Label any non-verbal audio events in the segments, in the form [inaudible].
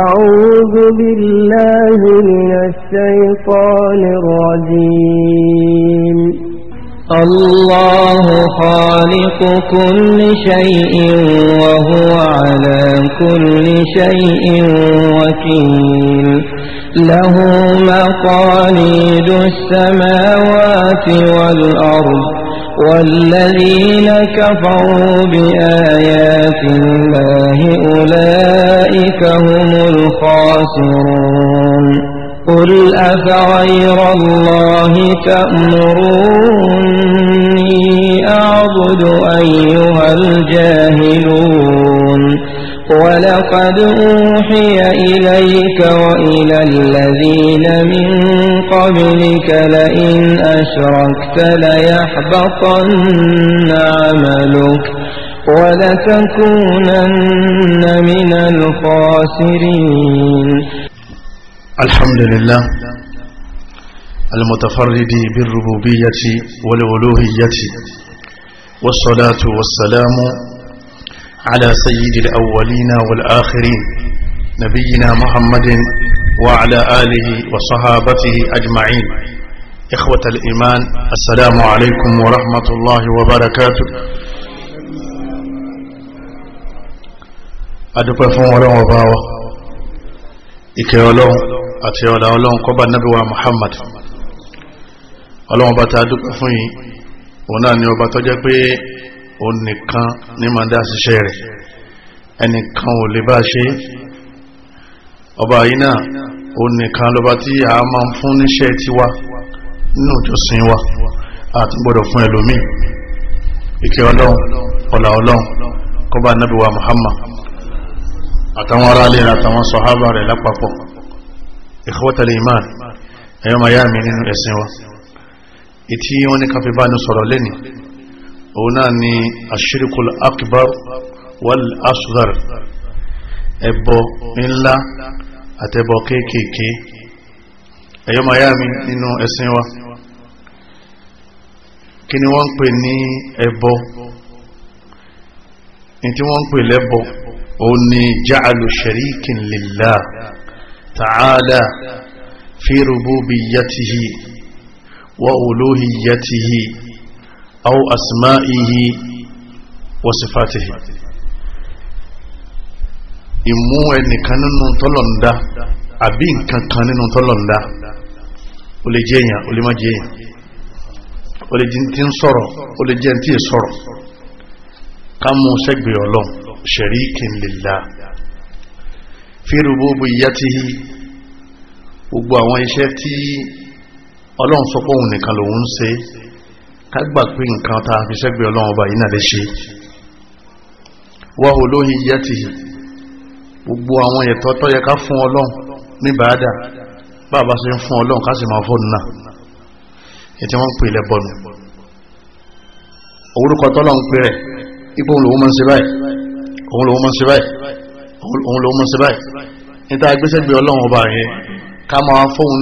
أعوذ بالله من الشيطان الرجيم الله خالق كل شيء وهو على كل شيء وكيل له مقاليد السماوات والأرض والذين كفروا بآيات الله أولئك هم الخاسرون قل أفغير الله تأمروني أعبد أيها الجاهلون ولقد أوحي إليك وإلى الذين من قبلك لئن أشركت ليحبطن عملك ولتكونن من الخاسرين الحمد لله المتفرد بالربوبية والألوهية والصلاة والسلام على سيد الأولين والآخرين نبينا محمد وعلى آله وصحابته أجمعين إخوة الإيمان السلام عليكم ورحمة الله وبركاته adúpẹ́ fún ọlọ́run ọba wa ìkẹ́ ọlọ́run àti ọ̀là ọlọ́run kọba nábì wa Muhammad ọlọ́run ọba ta adúpẹ́ fún yìí òun náà ni ọba tó jẹ́ pé ó nìkan ní máa dá ṣiṣẹ́ rẹ̀ ẹnìkan ò lè bá ṣe ọba yìí náà ó nìkan lọ́ba tí a máa ń fún níṣẹ́ tiwa nínú ìjọsìn wa àti gbọ́dọ̀ fún ẹlòmíì ìkẹ́ ọlọ́run ọ̀là ọlọ́run kọba nabi wa Muhammad àtàwọn ará lè àtàwọn sọ̀hábà rẹ̀ lápapọ̀ ìkọwọ́tàlẹ̀ iman ẹ̀yọ́ miami nínú ẹ̀sìn wa ìtí wọ́n ní káfíbá ní sọ̀rọ̀ lẹ́nìí òun náà ni ashirikul akbar wal asghar ẹbọ ńlá àtẹbọ kéékèèké ẹ̀yọ́ miami nínú ẹ̀sìn wa kí ni wọ́n ń pè ní ẹbọ ní tí wọ́n ń pè lẹ́bọ òun ni ja'alu sharikin lillah ta'ala fi rububiyyatihi wa uluhiyyatihi أو أسمائه وصفاته ìmú ẹnìkan nínú tọ́lọ̀ndá àbí nǹkan kan nínú tọ́lọ̀ndá ó lè jẹ́ èyàn ó lè má jẹ́ èyàn ó lè jẹ́ tí ń sọ̀rọ̀ ó lè jẹ́ tí è sọ̀rọ̀ ká mú sẹ́gbẹ̀ ọlọ́n sharikin lillah fi rububiyyatihi gbogbo àwọn iṣẹ́ tí ọlọ́run sọ pé òun nìkan lòun ń ṣe ká gbà pé nǹkan tá a fi sẹ́gbẹ̀ẹ́ ọlọ́run ọba yìí náà lè ṣe wọ́n olóyin yẹ́ ti gbogbo àwọn ẹ̀tọ́ tó yẹ ká fún ọlọ́run ní bàádà bàbá ṣe ń fún ọlọ́run ká sì máa fọ́nù náà ètí wọ́n ń pè ilẹ̀ bọ̀nù orúkọ tọ́lọ́ ń pè rẹ̀ ipò òun lòun máa ń ṣe báyìí òun lòun máa ń ṣe báyìí òun lòun máa ń ṣe báyìí níta gbéṣẹ́gbé ọlọ́run ọba yẹn ká máa fóun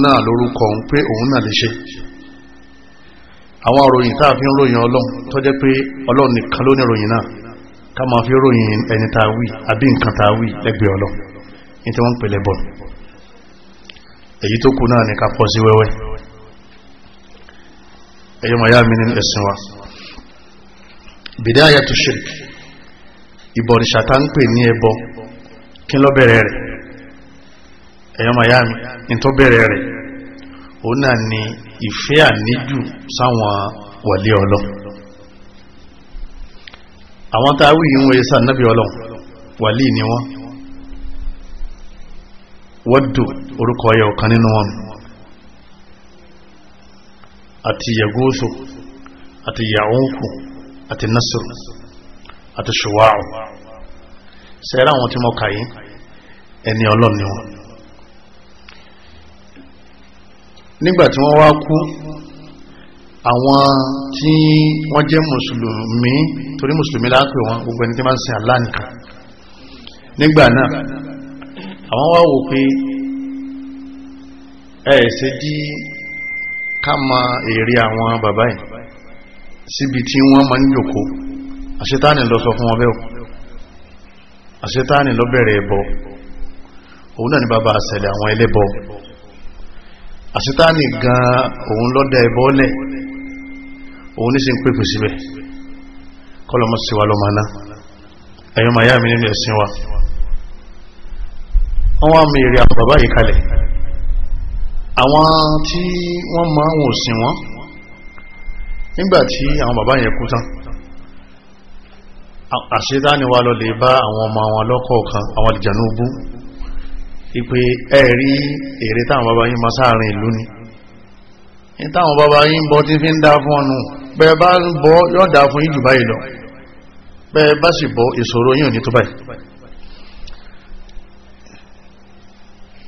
àwọn òròyìn tá a fi ń ròyìn ọlọ́run tó jẹ́ pé ọlọ́run nìkan ló ní ròyìn náà ká máa fi ròyìn ẹni tá a wí àbí nǹkan tá a wí lẹ́gbẹ̀ẹ́ ọlọ́run ní tí wọ́n ń pèlè bọ̀ èyí tó kù náà ní ká fọ́ sí wẹ́wẹ́ ẹ̀yọ́ màá yá mi nínú ẹ̀sìn wa bidayatu shirk ìbọ̀rìṣà tá ń pè ní ẹbọ kí ló bẹ̀rẹ̀ rẹ̀ ẹ̀yọ́ màá yá mi ní tó bẹ̀rẹ̀ rẹ̀ òun náà ni ìfẹ́ àníjù sáwọn wọlé ọlọ́ àwọn tá a wí ìwọ̀n ẹ̀sà nábì ọlọ́ wàlí ni wọ́n wọ́dù orúkọ ọyẹ ọ̀kan nínú wọn àti yẹgúúsù àti yàúnkù àti nasir àti ṣùwáù sẹ́rà àwọn tí mọ́ kàyí ẹni ọlọ́ ni wọn nígbà tí wọ́n wá kú àwọn tí wọ́n jẹ́ mùsùlùmí torí mùsùlùmí lápè wọn gbogbo ẹni tí máa ń sin Allah nìkan nígbà náà àwọn wá wò pé ẹ̀ ṣe jí ká ma èrè àwọn bàbá yìí síbi tí wọ́n máa ń jòkó àṣetáni lọ sọ fún wọn bẹ́ẹ̀ àṣetáni lọ bẹ̀rẹ̀ ẹbọ òun náà ni bàbá àṣẹlẹ̀ àwọn ẹlẹ́bọ àṣítánì gan òun lọ́dẹ ìbọ́lẹ̀ òun ní sí ń pèpè síbẹ̀ kọlọmọ sí wa lọ́mọ́ná ẹ̀yọ́ màá yá mi nínú ẹ̀sìn wa wọ́n wá mèrè àwọn bàbá yìí kalẹ̀ àwọn tí wọ́n máa ń wòsìn wọ́n nígbàtí àwọn bàbá yẹn kú tán àṣítánì wa lọ lè bá àwọn ọmọ àwọn lọ́kọ̀ọ̀kan àwọn àlìjànú ogún ìpè ẹ̀rí èrè táwọn bàbá yín máa sáàrin ìlú ni ní táwọn bàbá yín bọ́ tí fi ń dá fún ọnù bẹ́ẹ̀ bá ń bọ́ yọ́ dá fún yín báyìí lọ bẹ́ẹ̀ bá sì bọ́ ìṣòro yín ò ní tó báyìí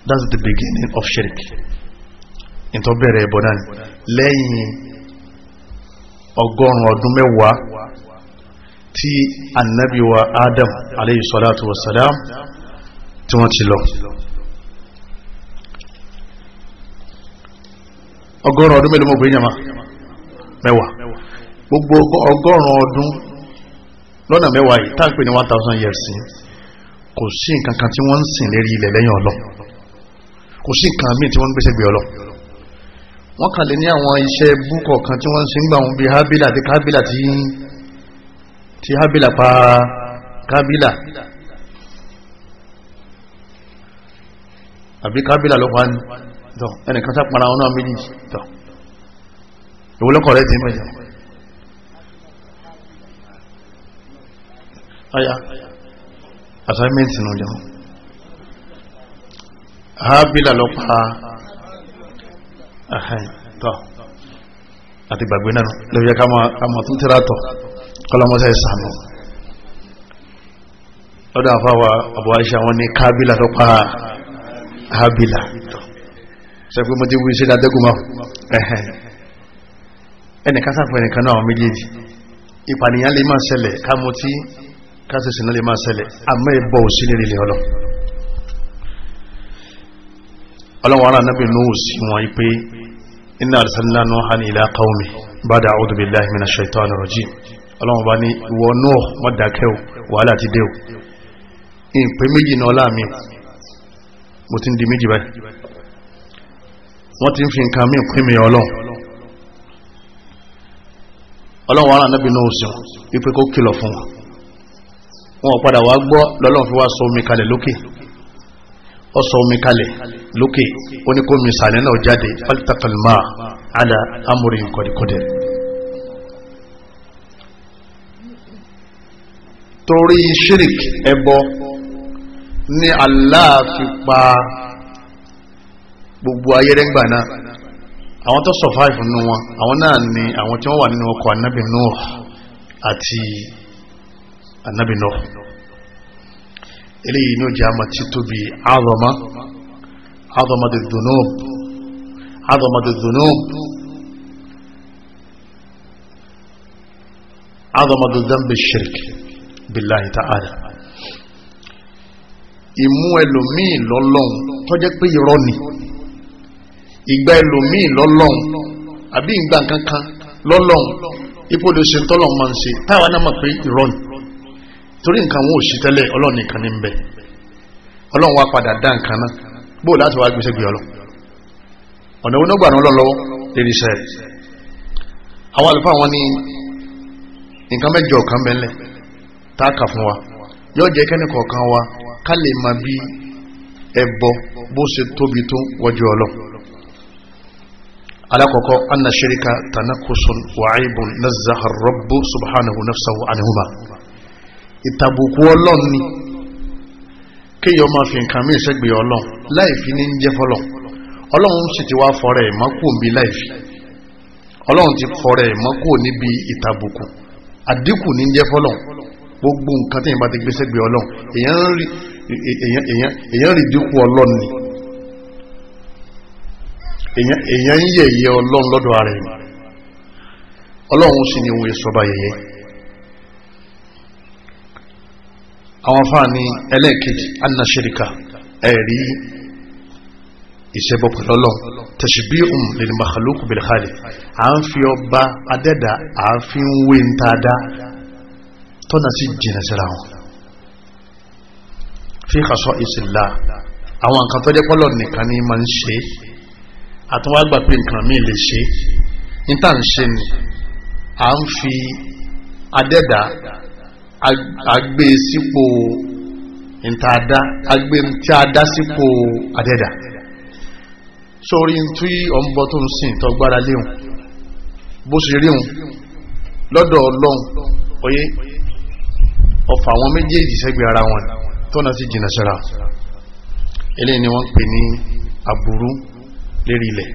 that's the beginning of shirk ìtọ́ bẹ̀rẹ̀ ẹbọ náà lẹ́yìn ọgọ́rùn ọdún mẹ́wàá tí annabi adam alayhi salatu wa salam tí wọ́n ti lọ ọgọ́rùn ọdún mélòó mọ̀ pé yàmà mẹ́wàá gbogbo ọgọ́rùn ọdún lọ́nà mẹ́wàá yìí tá à pè ní one thousand years kò sí nǹkan kan tí wọ́n ń sìn lérí ilẹ̀ lẹ́yìn ọlọ́ kò sí nǹkan míì tí wọ́n ń gbèsè gbé ọlọ́ wọ́n kàn lè ní àwọn iṣẹ́ búkọ̀ kan tí wọ́n ń sìn gbà wọn bíi hábìlà àti kábìlà tí tí hábìlà pa kabila. àbí kabila ló pa ni tọ ẹnìkan sápara ọ̀nà méjì tọ ìwọlọ́kọ̀ rẹ̀ ti mẹ́jọ ọya assignment nù jọ hábílà lọ́pàá ẹ̀hẹ́n tọ àti gbàgbé náà lórí ẹka àmọ̀ tún tẹ́ra tọ̀ kọlọmọsẹ̀ ìsànú lọ́dọ̀ àfáwà àbúwáṣà wọn ni kábílà lọ́pàá hábílà tọ̀ sẹ́fẹ́ mo ti wí sí dáadẹ́gùn máa ẹnìkan sáfẹ́ ẹnìkan náà àwọn méjèèjì ìpànìyàn lè máa ṣẹlẹ̀ ká mú tí kásìsì náà lè máa ṣẹlẹ̀ àmọ́ ẹbọ òsì ní ilẹ̀ ọlọ́ ọlọ́wọ́n ara náà bìnú sí wọn pé iná àrísànlá Nuhan ila qaumi ba'da a'udhu billahi minash shaitani rajim ọlọ́wọ́n mo ti ń di méjì báyìí wọ́n ti ń fi nǹkan mí pín mi ọlọ́run ọlọ́run wàhálà náà bí náà sùn wípé kó kìlọ̀ fún wọn wọn padà wá gbọ́ lọ́lọ́run fi wá sọ omi kalẹ̀ lókè ó sọ omi kalẹ̀ lókè ó ní kó mi sàlẹ̀ náà jáde fálítàkàlmà àdá amúrí nkọ̀dìkọ̀dẹ̀ torí shirik ẹbọ ní Allah fi pa gbogbo ayẹ́rẹ́ngbà náà àwọn tó survive nínú wọn àwọn náà ni àwọn tí wọ́n wà nínú ọkọ̀ Ànábì Nuh àti Ànábì Nuh eléyìí ní ojà àmà tí tóbi àdọ́mà àdọ́mà tó dùnú àdọ́mà tó dùnú àdọ́mà tó dánbẹ̀ shirk billahi ta'ala ìmú ẹlòmíì lọ́lọ́run tó jẹ́ pé irọ́ ni ìgbà ẹlòmíì lọ́lọ́run àbí ìgbà kankan lọ́lọ́run ipò lè ṣe tọ́lọ́run máa ń ṣe táwa náà mọ̀ pé irọ́ ni torí nǹkan wọn ò ṣí tẹ́lẹ̀ ọlọ́run nìkan ní bẹ ọlọ́run wá padà dá nǹkan náà bóò láti wá gbèsè gbé ọlọ́run ọ̀nà wọn gbà náà lọ́wọ́ lérí iṣẹ́ rẹ̀ àwọn àlùfáà wọn ní nǹkan mẹ́jọ kan bẹ́ńlẹ̀ tá a kà fún wa yóò jẹ́ kẹ́ni kọ̀ọ̀kan wa ká lè máa bí ẹbọ bó ṣe tóbi tó wọ́jú ọlọ́run alakoko anna shirika tanakusun wa'ibun nazaha rabbu subhanahu nafsahu anihuma ìtàbùkù ọlọ́run ni kéèyàn máa fi nǹkan mí ìṣẹ́gbẹ̀ ọlọ́run láìfi ní ń jẹ́ fọlọ́ ọlọ́run sì ti wá fọrẹ ìmọ́kù níbi láìfi ọlọ́run ti fọrẹ ìmọ́kù níbi ìtàbùkù àdínkù ní ń jẹ́ fọlọ́ gbogbo nǹkan tí èèyàn bá ti gbé sẹ́gbẹ̀ ọlọ́run èèyàn rí dínkù ọlọ́run ni èyàn ń yẹ̀yẹ ọlọ́run lọ́dọ̀ ara ẹni ọlọ́run sì ni òun ìsọba yẹ̀yẹ àwọn fáà ní ẹlẹ́ẹ̀kejì annaṣirika ẹ̀rí ìṣẹ́bọ̀ pẹ̀lú ọlọ́run tẹ̀síbí òun lè ní màkàlùkù bẹ̀rẹ̀ kalẹ̀ à ń fi ọba adẹ́dà à ń fi ń wé ń tàdá tọ́nà sí jìnà síra wọn fi kàṣọ ìsìlá àwọn nǹkan tó jẹ́ pọ́lọ̀ nìkan ni máa ń ṣe é àtúwá gbà pé nǹkan míì lè ṣe ní tá à ń ṣe ni à ń fi adẹ́dà agbé e sípò ìtaàdá agbé tí a dá sípò adẹ́dà sórí tí ọmọ tó ń sìn tó gbára léhùn bó ṣe ríhùn lọ́dọ̀ ọlọ́run oyé ọfà àwọn méjèèjì sẹ́gbẹ̀ ara wọn tọ́nà sí jìnà sára eléyìí ni wọ́n pè ní aburú lérí ilẹ̀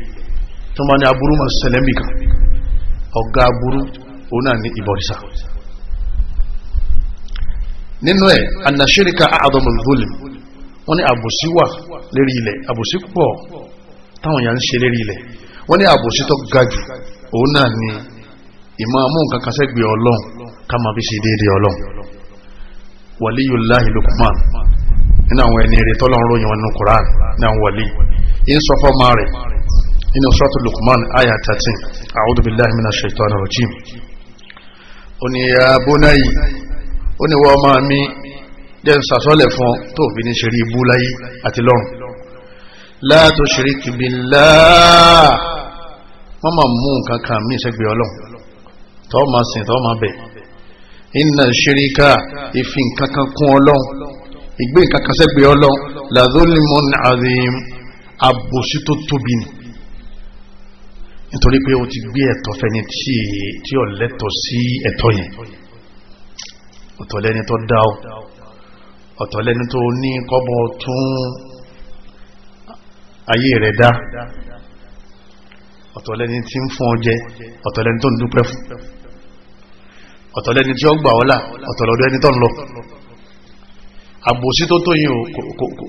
tó ma ní aburú ma ṣẹlẹ̀ mìíkà ọ̀gá aburú ó náà ní ìbọ̀rìṣà nínú ẹ̀ anàṣíríkà àádọ́mọ̀lúfólì wọ́n ní àbòsí wà lérí ilẹ̀ àbòsí pọ̀ táwọn yà ń ṣe lérí ilẹ̀ wọ́n ní àbòsí tó ga ó náà ní ìmọ̀ amú nǹkan sẹ́gbẹ̀ẹ́ ọlọ́run ń sọ fọ́ máa rẹ̀ inú sọ́tù Luqman aya 13 a'udhu billahi minash shaitani rajim ó ní ya bunay ó ní wọ́n máa mi jẹ́ ń sàsọ́lẹ̀ fún tó fi ní ṣeré ibú láyé àti lọ́run la tushrik billah wọ́n máa mú nǹkan kan mí sẹ́gbẹ̀ẹ́ ọlọ́run tọ́ máa sìn tọ́ máa inna shirika ìfi nǹkan kan kún ọlọ́run ìgbé nǹkan kan sẹ́gbẹ̀ẹ́ la dhulmun azim àbòsí tó tóbi ni nítorí pé o ti gbé ẹ̀tọ́ fẹ́ni tí ó lẹ́tọ̀ sí ẹ̀tọ́ yẹn ọ̀tọ̀ lẹ́ni tó dá ọ ọ̀tọ̀ lẹ́ni tó ní kọ́bọ̀ tún ayé rẹ̀ dá ọ̀tọ̀ lẹ́ni tí ń fún ọ jẹ ọ̀tọ̀ lẹ́ni tó ń dúpẹ́ fún ọ̀tọ̀ tí ó gbà ọ́lá ọ̀tọ̀ ẹni tó ń lọ àbòsí tó tó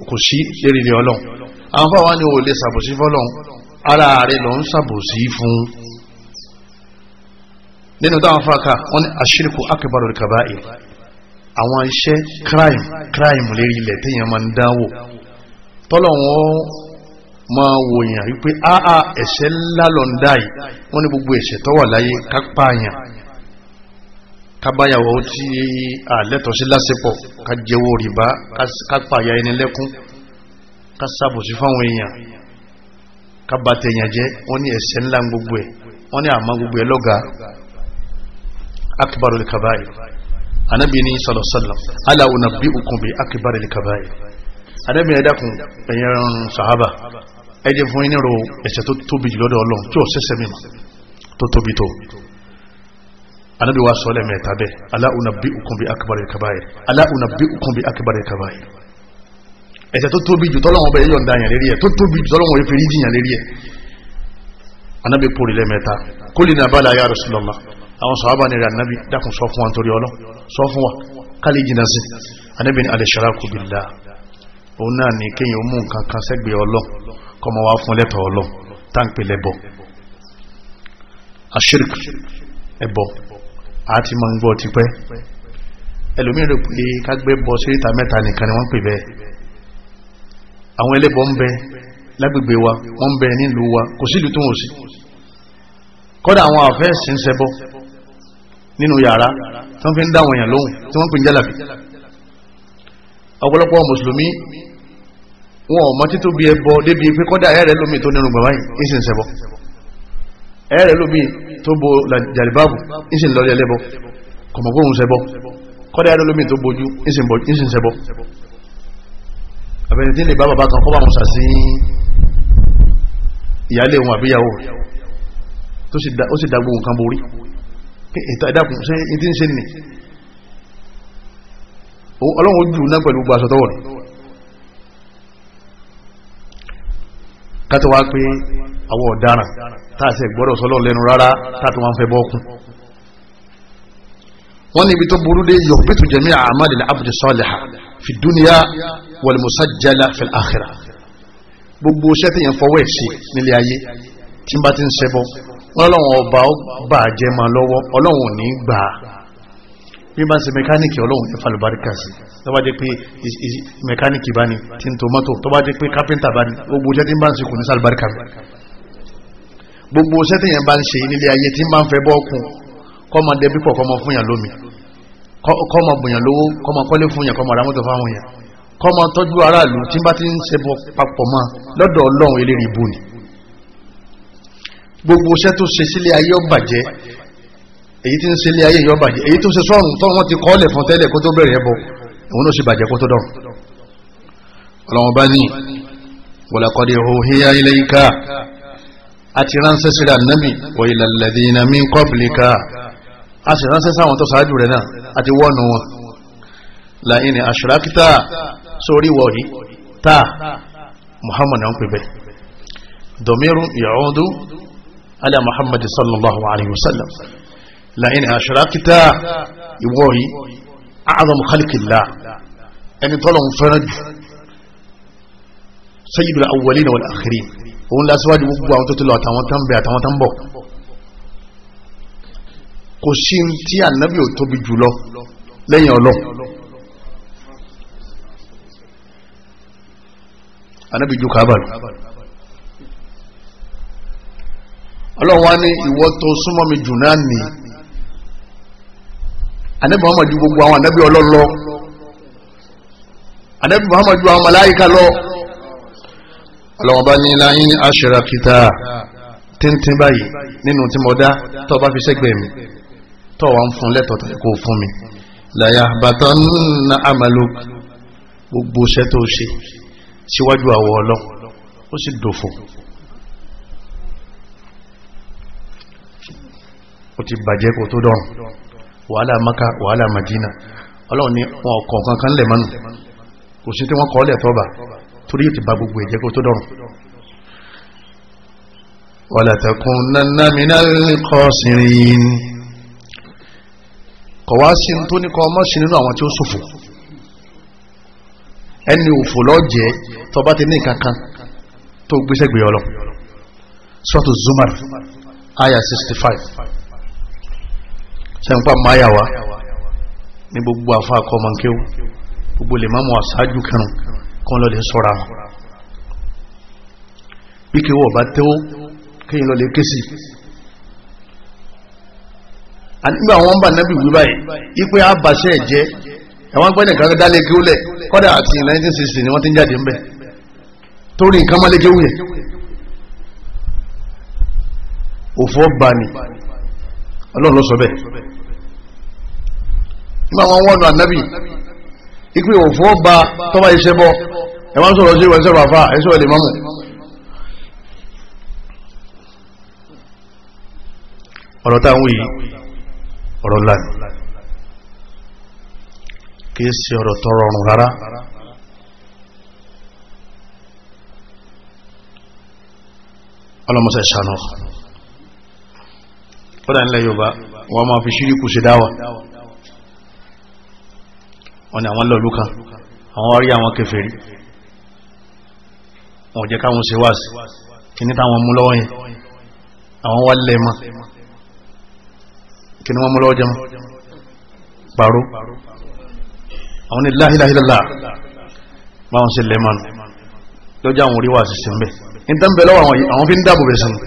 kò sí lérí ilé ọlọ́run àwọn fáwọn ni ò lè ṣàbòsí fọlọ́hún ara rẹ̀ ló ń ṣàbòsí fún nínú táwọn fàákà wọn ni àṣírìkù akẹbàrò kàbáyé àwọn iṣẹ́ crime crime lérí ilẹ̀ téèyàn máa ń dánwò tọ́lọ́wọ́n máa wòyàn wípé áá ẹ̀ṣẹ̀ ńlá lọ ń dá yìí wọ́n ní gbogbo ẹ̀ṣẹ̀ tó wà láyé kápáyàn kábáyàwó tí àlẹ́tọ̀ọ́sí lásìpọ̀ ká jẹ́wọ́ rìbá kápáyà ẹni lẹ́kún ká sàbòsí fáwọn èèyàn ká bà tèèyàn jẹ́ wọ́n ní ẹ̀ṣẹ̀ ńlá gbogbo ẹ̀ wọ́n ní àmọ́ gbogbo ẹ̀ lọ́gà akbarul kabair anabi ni sallallahu alaihi ala unabbiukum bi akbaril kabair anabi ẹ dákun ẹ̀yin sahaba ẹ jẹ́ fún yín ro ẹ̀ṣẹ̀ tó tóbi jù lọ́dọ̀ Ọlọ́run tí ò ṣẹ̀ṣẹ̀ mi tó tóbi tó anabi wa sọ lẹ́mẹ̀ẹ́ta bẹ́ẹ̀ ala unabbiukum bi akbaril kabair ala unabbiukum bi akbaril kabair ẹ̀ṣẹ̀ tó tóbi jù tọ́lọ́wọ́n bẹ̀rẹ̀ yọ̀ǹda yàn lérí ẹ̀ tó tóbi jù tọ́lọ́wọ́n fi ríjì yàn lérí ẹ̀ anábì pòrì lẹ́mẹ̀ta kó lè nàbà láyà Rasulullah àwọn sọ̀hábà ní rẹ̀ anábì dákun sọ fún wa nítorí ọlọ́ sọ fún wa kálí jìnà sí anábì ní al-shiraku billah òun náà ní kéyìn mú nǹkan kan sẹ́gbẹ̀ẹ́ ọlọ́ kọmọ wa fún lẹ́tọ̀ ọlọ́ táǹpì lẹ́bọ̀ ashirk ẹbọ àti mọ̀ ń gbọ́ tipẹ́ ẹlòmíràn pé kágbé bọ́ sí ìta mẹ́ta nìkan ni wọ́n pè bẹ́ẹ̀ àwọn ẹlẹ́bọ̀ ń bẹ lágbègbè wa wọ́n ń bẹ nílùú wa kò sílùú tó wọ́n sí kọ́dà àwọn àfẹ́ sí ń ṣẹbọ nínú yàrá tó ń fi ń dáwọn èèyàn lóhùn tí wọ́n pè ń jálàbí ọ̀pọ̀lọpọ̀ mùsùlùmí wọn ò mọ títún bí ẹbọ débi pé kọ́dà ẹ̀rẹ̀ lómi tó nínú gbàmáyì ìsìn ṣẹbọ ẹ̀rẹ̀ lómi tó bo jàlìbáàbù ìsìn lọ́rí ẹlẹ́bọ kọ̀mọ̀gbóhùn àbẹ̀ni tí lè bá bàbá kan kọ́ bá musa sí ìyálé wọn àbíyàwó tó sì dàgbò nǹkan borí ìtàdàkùn sí ìdí ń ṣe nì ọlọ́run ojú náà pẹ̀lú gbogbo aṣọ tọ́wọ̀ rẹ̀ kátó pé àwọn ọ̀daràn táàsẹ̀ gbọ́dọ̀ sọ́lọ́ lẹ́nu rárá táàtò wọn fẹ́ bọ́ọ̀kùn wọ́n ní ibi tó burú dé yuhbitu jami'a a'mali al-abdi saliha fi dunya wal musajjala fi al-akhira gbogbo iṣẹ́ tí yẹn fọwọ́ ẹ̀ ṣe nílé ayé tí n bá ti ń ṣẹbọ wọn lọ́wọ́n ọba ó bà jẹ́ máa lọ́wọ́ ọlọ́wọ́n ò ní gbà á bí bá ń ṣe mẹkáníìkì ọlọ́wọ́n ẹ̀ falùbáríkà sí tó bá jẹ́ pé mẹkáníìkì bá ní tí n tó tó bá jẹ́ pé kápẹ́ntà bá ní gbogbo iṣẹ́ tí n bá ń ṣe kò ní sálùbáríkà gbogbo iṣẹ́ tí yẹn bá ń ṣe nílé ayé tí n bá ń fẹ́ bọ́ ọkùn kọ́ máa dẹbí pọ̀ kọ́ máa fún yàn lómi kọ́ máa bùyàn lówó kọ́ máa kọ́lé fún yàn kọ́ máa ra mọ́tò fáwọn yàn kọ́ máa tọ́jú aráàlú tí bá ti ń ṣe papọ̀ mọ́ lọ́dọ̀ ọlọ́run eléri ibu ni gbogbo iṣẹ́ tó ṣe sílé ayé ó bàjẹ́ èyí tí ń ṣe ilé ayé yó bàjẹ́ èyí tó ṣe sọ́run tó wọ́n ti kọ́lẹ̀ fún tẹ́lẹ̀ kó tó bẹ̀rẹ̀ ẹbọ òun ló ṣe bàjẹ́ kó tó dọ̀rùn ọlọ́run bá ní wọ̀làkọ́dé òhìyà ilayka àti ránṣẹ́ síra nàmì wa ilal ladhina min qablika a sì ránṣẹ́ sáwọn tó ṣáájú rẹ̀ náà àti wọ́nu wọn la'in ashrakta sórí wọ̀rí tá muhammad náà ń pè bẹ́ domiru ya'udu ala muhammad sallallahu alayhi wa sallam la'in ashrakta ìwọ̀ yìí a'zamu khalqillah ẹni tọ́lọ̀ ń fẹ́ràn jù sayyidul awwalin wal akhirin òun lásìwájú gbogbo àwọn tó ti lọ àtàwọn tán bẹ àtàwọn tán bọ̀ kò sí tí ànábì ò tóbi jùlọ lẹ́yìn ọlọ́ ànábì ju kaaba lọ ọlọ́run wá ní ìwọ tó súnmọ́ mi jù náà nì ànábì Muhammad ju gbogbo àwọn ànábì ọlọ́run lọ ànábì Muhammad ju àwọn màláíkà lọ ọlọ́run bá ní láyín aṣèrà kìtà tíntín báyìí nínú tí mo dá tó bá fi sẹ́gbẹ̀ẹ́ mi tó wà ń fún lẹ́tọ̀ọ́ tàbí kò fún mi láyà bàtà nínú àmàlò gbogbo iṣẹ́ tó ṣe síwájú àwọ̀ ọlọ́ ó sì dòfò ó ti bàjẹ́ kò tó dọ̀rùn wàhálà maka wàhálà madina ọlọ́run ní wọn ọkọ̀ kankan lẹ̀ mọ́nù kò sí tí wọ́n kọ́ lẹ̀ tọ́ba torí yóò ti ba gbogbo ẹ̀jẹ̀ kó tó dọ̀rùn wàlàtàkùn nannamínà kọ́ sírin kọ̀ wá sí ní tó ní kọ́ ọmọ sí nínú àwọn tí ó ṣòfò ẹni òfò lọ́jẹ́ tó bá ti ní nǹkan kan tó gbéṣẹ́ gbé ọlọ sọ́tò Zumar aya 65 sẹ́ńpá máyà wa ní gbogbo àfa àkọ́mọ̀kéwò gbogbo lè máa mọ̀ àṣáájú kẹrùn kan lọ lè sọ́ra wọn bí kí wọ́n bá tẹ́wọ́ kéyìn lọ lè ké nígbà wọn bá nábì wí báyìí ipe àbàṣẹ ẹ̀jẹ̀ ẹ̀wọ̀n gbẹ́dẹ̀ kan dálé kí ó lẹ̀ kọ́dà àti 1960 ni wọ́n ti ń jáde ń bẹ̀ torí nǹkan máa lé kéwù yẹn òfò bá ní ọlọ́run ló sọ bẹ́ẹ̀ nígbà wọn wọ́n nù ànábì ipe òfò bá tọ́ba iṣẹ́ bọ́ ẹ̀wọ̀n sọ̀rọ̀ sí ìwọ̀n sọ̀rọ̀ àfà ẹ̀sọ̀ ẹ̀lẹ̀ mọ́mù ọ̀rọ̀ táwọn yìí ọ̀rọ̀ láàrin kìí sí ọ̀rọ̀ tọrọ ọ̀rùn rárá ọlọ́mọsẹ̀ ṣànà kọ́dà nílẹ̀ Yorùbá wọ́n máa fi ṣíríkù sí dáwà wọ́n ni àwọn lọ́lú àwọn orí àwọn kèfèrí wọ́n jẹ́ káwọn ṣe wáàsí kì ní táwọn mú lọ́wọ́ yẹn àwọn wá lẹ́mọ́ kí ni wọ́n mú lọ́wọ́ jẹun pàró àwọn ni láhíláhílá báwọn ṣe lẹ́mọ̀ lọ́jọ́ àwọn orí wà sí sí ń bẹ̀ ní tán bẹ̀ lọ́wọ́ àwọn fi ń dáàbò bẹ̀ sínú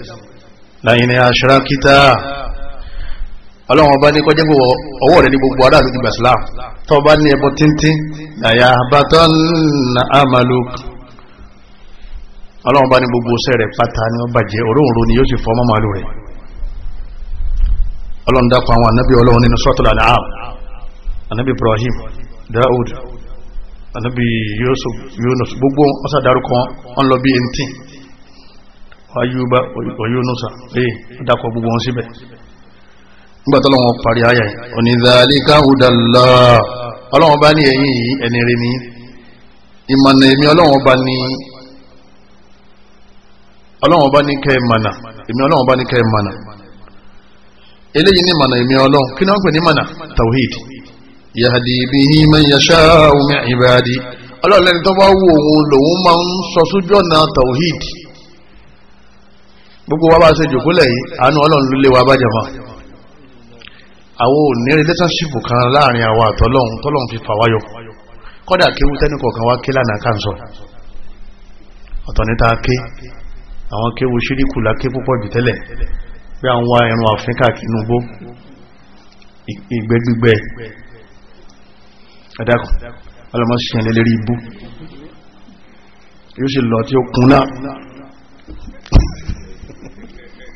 láyìn ni aṣọ́ra kíta ọlọ́wọ́n bá ní kọjá gbogbo ọwọ́ rẹ̀ ní gbogbo ará àti ìgbà sílá tó bá ní ẹbọ tíntín làyà bàtàn amaluk ọlọ́wọ́n bá ní gbogbo sẹ́rẹ̀ pátá ní ọbàjẹ́ òróǹro ni yóò sì fọ́ mọ́ rẹ̀ ọlọ́run dákọ̀ àwọn anábì ọlọ́run nínú suratul An'am anábì Ibrahim Daud anábì Yusuf Yunus gbogbo wọn sá dárúkọ wọn lọ bí ẹntì Ayuba Yunusa ee eh, dákọ̀ gbogbo wọn síbẹ̀ nígbà tó lọ́wọ́ parí ayà yìí òní hudallah ọlọ́run bá ní ẹ̀yìn yìí ẹni rẹ̀ ní ìmọ̀nà èmi ọlọ́run bá ní ọlọ́run bá ní kẹ́ ìmọ̀nà èmi ọlọ́run bá ní kẹ́ ìmọ̀nà eleyi ni mana ìmí ọlọ́run kí ni wọ́n pè ní mànà tawhid yahadi bihi man yasha'u min ibadi ọlọ́run lẹ́ni tó bá wù òun lòun máa ń sọ sójú ọ̀nà tawhid gbogbo wa bá ṣe jòkólẹ̀ yìí àánú ọlọ́run ló wa bá jẹ̀mọ́ àwọn ò relationship kan láàrin àwa fi fà wáyọ kọ́dà kéwú tẹ́nu kọ̀ọ̀kan wá ké lánàá kà ń sọ níta ké àwọn ṣíríkù la ké púpọ̀ pé à ń wá ẹran àfin káàkiri inúgbó ìgbẹ́gbígbẹ́ ẹ̀dàkùn ọlọ́mọsí ẹ̀lẹ́ lérí ibú yóò sì lọ tí ó kún náà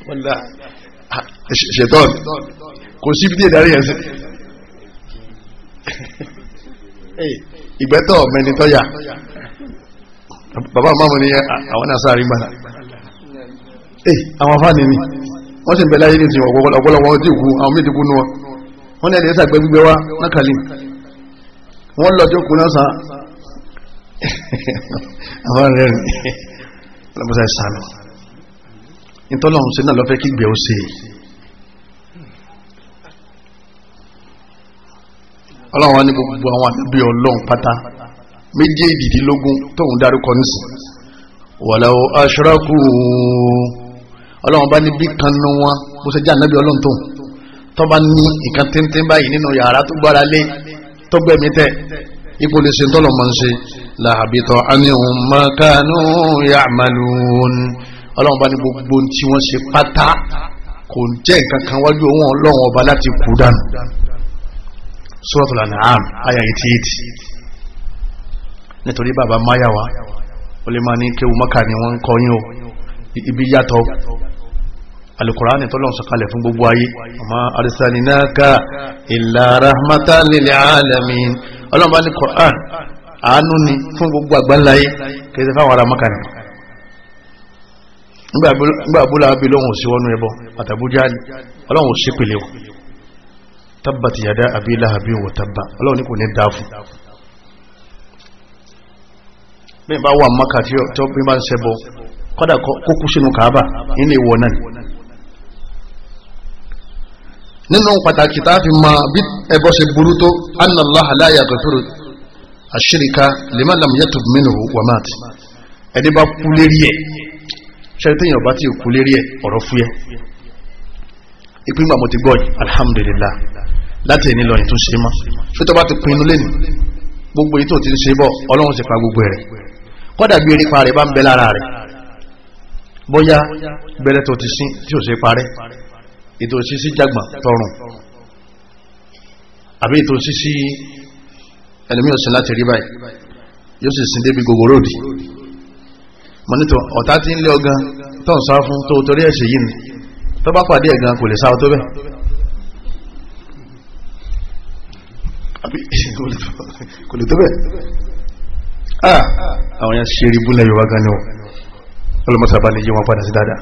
wọ́nlá ṣètọ́n kò sí bí ìdarí ẹ̀sẹ̀ ìgbẹ́tọ̀ mẹni tọ́yà bàbá máa mọ̀ ní àwọn náà sáré gbára àwọn afáàní ni wọ́n sì ń bẹ láyé ní ti ọ̀pọ̀lọpọ̀ ti kú àwọn méjì kú nù wọn wọ́n ní ẹni sàgbẹ́ gbígbẹ́ wá nákàlí wọ́n lọ jókòó náà sàn [laughs] àwọn rẹ̀ rìn lọ́pọ̀sá ìsànà ìtọ́lọ́run sí náà lọ́fẹ́ kí gbẹ̀ ó se ọlọ́run ní gbogbo àwọn àbí ọlọ́run pátá méjì ìdìdílógún tóun dárúkọ nísìn wàláwọ́ aṣọ́rákùn ọlọ́run bá ní bí kan nu wọn bó ṣe jẹ́ ànábì ọlọ́run tó tó bá ní ìkan téńté báyìí nínú yàrá tó gbára lé tó gbẹ̀mí tẹ̀ ipò lè ṣe ń tọ́lọ̀ máa ń ṣe làbìtọ̀ àníhùn mọ́kànú ya'malun ọlọ́run bá ní gbogbo tí wọ́n ṣe pátá kò jẹ́ nǹkan kan wájú òun ọlọ́run ọba láti kú dànù Suratul An'am àyà eighty eight nítorí bàbá máyàwá ó lè máa ní kéwu mọ́kà ni wọ́n ń kọ́ yín o ibi yàtọ̀ alukurani tọ́lọ̀ sọ̀kalẹ̀ fún gbogbo ayé ọmọ arsalinaka illa rahmatan lil alamin ọlọ́mọba ní Qur'an àánú ni fún gbogbo àgbáńláyé kẹsẹ̀ fáwọn ará maka ni nígbà abúlé abiy lóhùn sí wọnú ẹbọ àtàbújá ni ọlọ́hùn sí pèlè kọ́dà kókú sínú kaaba nínú ìwọ náà nínú pàtàkì tá a fi mọ bí ẹbọ ṣe burú tó anna Allah la yaghfiru ash-shirka liman lam yatub minhu wa mat ẹni bá kú lérí ẹ ṣẹ́ni téèyàn bá ti kú lérí ẹ ọ̀rọ̀ fúyẹ́ ìpínpà mo ti gbọ́ yìí alhamdulillah láti ẹni lọ́yìn tó ṣe mọ́ to bá ti pinnu lẹ́nu gbogbo yìí tó ti ṣe bọ̀ ọlọ́run ti pa gbogbo rẹ̀ kọ́dà bí erépa rẹ̀ bá ń bẹ lára rẹ̀ bóyá bẹ̀rẹ̀ tó ti sin tí ò ṣe parẹ́ ètò òṣìṣì jàgbà tọrùn àbí ètò òṣìṣì ẹlẹ́mí ọ̀sìn láti rí báyìí yóò sì sin débi gbogbo ròdì mọ nítorí ọ̀tá tí ń lé ọgán tó ń sá fún tó torí ẹ̀ṣẹ̀ yìí ni tó bá pàdé ẹ̀gán kò lè sá ọ tó bẹ́ẹ̀. kò lè ah, àwọn yẹn ṣe eré búlẹ̀ yorùbá gan ni ó ọlọ́mọ lè yí wọn padà sí dáadáa.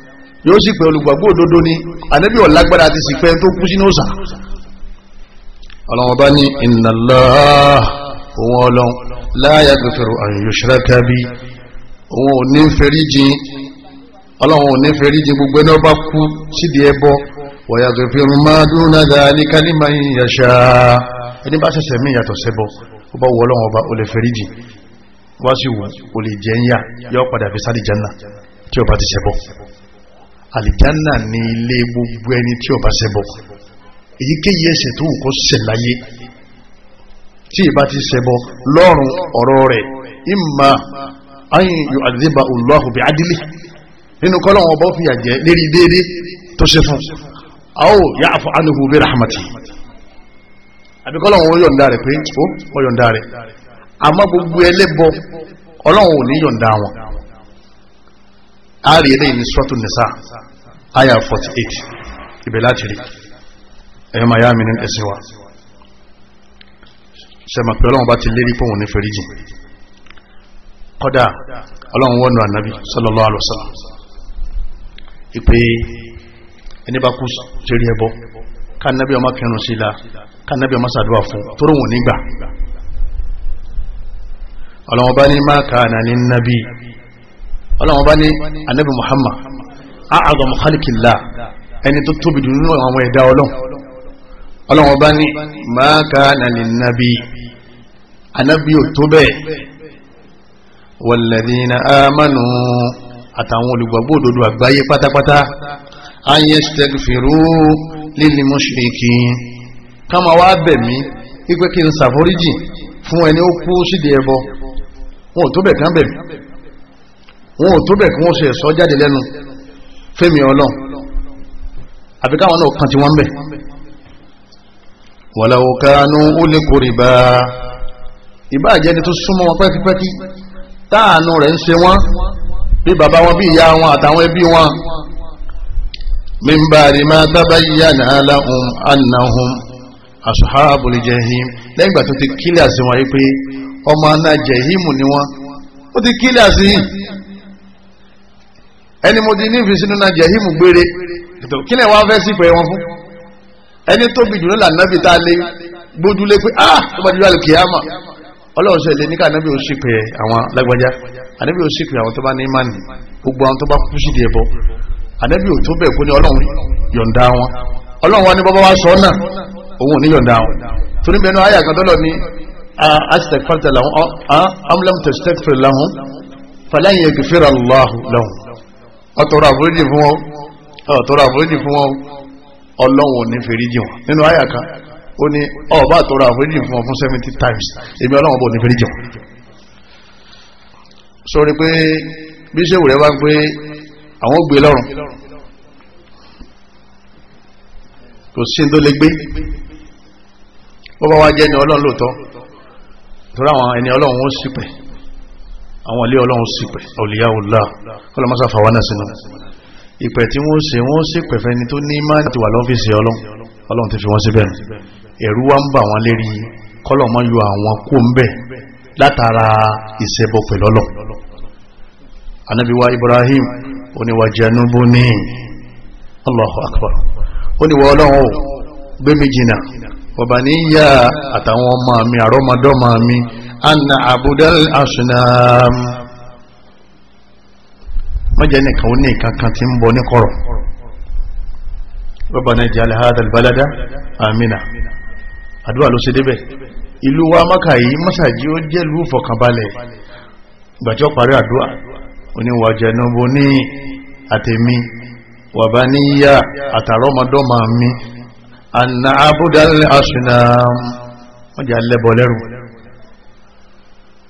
yóò sì pé olùgbàgbọ́ òdodo ni ànábì ọ̀lágbára ti sì pé tó kú sínú òsà ọlọ́wọ́n bá ní ìnàlá òun ọlọ́run láàyà gbẹ̀fẹ̀rọ àrùn yòṣẹ́rẹ́ kábí òun ò ní fẹ́ríjì ọlọ́run ò ní fẹ́ríjì gbogbo ẹni ọba kú sídìí ẹbọ wọ̀yà gbẹ̀fẹ̀rọ máa dúró náà dáa ní kálímà yíyàṣá ẹni bá ṣẹ̀ṣẹ̀ mí yàtọ̀ sẹ́bọ̀ ó bá wọ ọlọ́run ọba ó lè fẹ́ríjì wá sí wù ó lè jẹ́ ń yá yọ padà fi sáré jẹ́ ńlá tí ọba ti sẹ́bọ̀ àlìjánà ní ilé gbogbo ẹni tí ó bá ṣẹbọ èyíkéyìí ẹ̀ṣẹ̀ tó wù kó ṣẹ̀ láyé tí ìbá ti ṣẹbọ lọ́rùn ọ̀rọ̀ rẹ̀ ìmà ayin yóò àdébà Allahu bi adili nínú kọ́lọ́wọ́n ọba fi àjẹ́ lérí déédé tó ṣe fún àwọ̀ yà àfọ anuhu bi rahmati àbí kọ́lọ́wọ́n yọ̀ǹda rẹ̀ pé ó yọ̀ǹda rẹ̀ àmọ́ gbogbo ẹlẹ́bọ ọlọ́run ò ní yọ̀ǹda wọn ààrẹ eléyìí ní sọ́tún nìsá àyà 48 ibẹ̀ láti rí ẹ̀yọ́ máa yá mi nínú ẹ̀sìn wa sẹ́mà pé ọlọ́run bá ti lérí pé òun ní fèríjì kọ́dà ọlọ́run wọ́n nù ànábì sallallahu alaihi wasallam ìpè ẹni bá kú sórí ẹbọ kánábì ọlọ́wọ́n bá ní anabi muhammad a'adhamu khalqillah ẹni tó tóbi jù nínú àwọn ẹ̀dá ọlọ́run ọlọ́wọ́n bá ní ma kana linnabi anabi ò tó bẹ́ẹ̀ walladhina amanu àtàwọn olùgbàgbọ́ òdodo àgbáyé n ṣàforíjì fún ẹni ó kú sídìí ẹbọ wọn ò tó bẹ̀ kán bẹ̀mí wọn ò tó bẹ̀ kí wọ́n ṣe ẹ̀sọ́ jáde lẹ́nu fẹ́mi ọlọ́n àfi káwọn náà kàn tí wọ́n bẹ̀ walau kanu uli qurba ìbá àjẹni tó súnmọ́ wọn pẹ́kípẹ́kí táànù rẹ̀ ń ṣe wọ́n bí bàbá wọn bí ìyá wọn àtàwọn ẹbí wọn min ba'di ma tabayyana lahum annahum ashabul jahim lẹ́yìn ìgbà tó ti kílẹ̀ àsìwọ̀n yìí pé ọmọ aná jẹ̀hímù ni wọ́n ó ti kílẹ̀ àsìyìn ẹni mo di nífi sínú náà jẹ̀hímù gbére kí lè wá fẹ́ sí pé wọn fún ẹni tóbi jù lọ́la nàbì tá a lè gbójúlé pé ah tó bá dúró àlùkìyàmà ọlọ́run ṣe lè ní ká nàbì ó sì pé àwọn lágbájá ànàbì ó sì pé àwọn tó bá ní ìmánì gbogbo àwọn tó bá kú sídìí ẹbọ ànàbì ò tó bẹ́ẹ̀ kó ní ọlọ́run yọ̀ǹda wọn ọlọ́run wa ní bàbá wa sọ náà òun ò ní yọ̀ǹda wọn torí bẹ́ẹ̀ náà àyà kan tọ́lọ̀ ní astagfirta lahum am lam tastagfir lahum falan yaghfir Allahu ọtọrọ àforíjì fún wọn ọtọrọ àforíjì fún wọn ọlọ́run ò ní fèríjì wọn nínú àyà kan ó ní ọba àtọrọ àforíjì fún wọn fún seventy times èmi ọlọ́run bò ní fèríjì wọn. sọrí pé bí sẹ́wù rẹ̀ bá ń pé àwọn gbé lọ́rùn kò sí tó lè gbé bó bá wá jẹ́ ẹni ọlọ́run lóòótọ́ torí àwọn ẹni ọlọ́run ó sì pẹ̀ àwọn ilé ọlọ́run sí pẹ̀ ọ̀lìyà ọ̀lá ọlọ́mọ́sá fàwọ́nà sínú ìpẹ̀ tí wọ́n ṣe wọ́n sí pẹ̀ fẹ́ni tó ní máa ti wà lọ́fíìsì ọlọ́run ti fi wọ́n síbẹ̀ ẹ̀rú wa ń bà wọ́n lérí kọ́lọ̀mọ́ yọ àwọn kó ń bẹ̀ látara ìṣẹ́bọ pẹ̀lú ọlọ́ Ànábì wa Ibrahim oníwàjẹnubú ní Allahu Akbar oníwà ọlọ́run gbémi jìnà ọ̀bà àtàwọn ọmọ mi àrọ́mọdọ́mọ mi anna abudal asunam mọ́jẹ́ nìkan ó ní kankan tí ń bọ ní kọ̀rọ̀ rabbana ja'al hadha albalada amina àdúrà ló ṣe débẹ̀ ìlú wa maka yìí mọ́sàájí ó jẹ́ ìlú fọkànbalẹ̀ gbàjọ́ parí àdúrà oníwàjẹ̀nubó ní àtẹ̀mí wàbá níyà àtàrọ́mọdọ́mà mi anna abudal asunam mọ́jẹ́ alẹ́bọ̀ lẹ́rù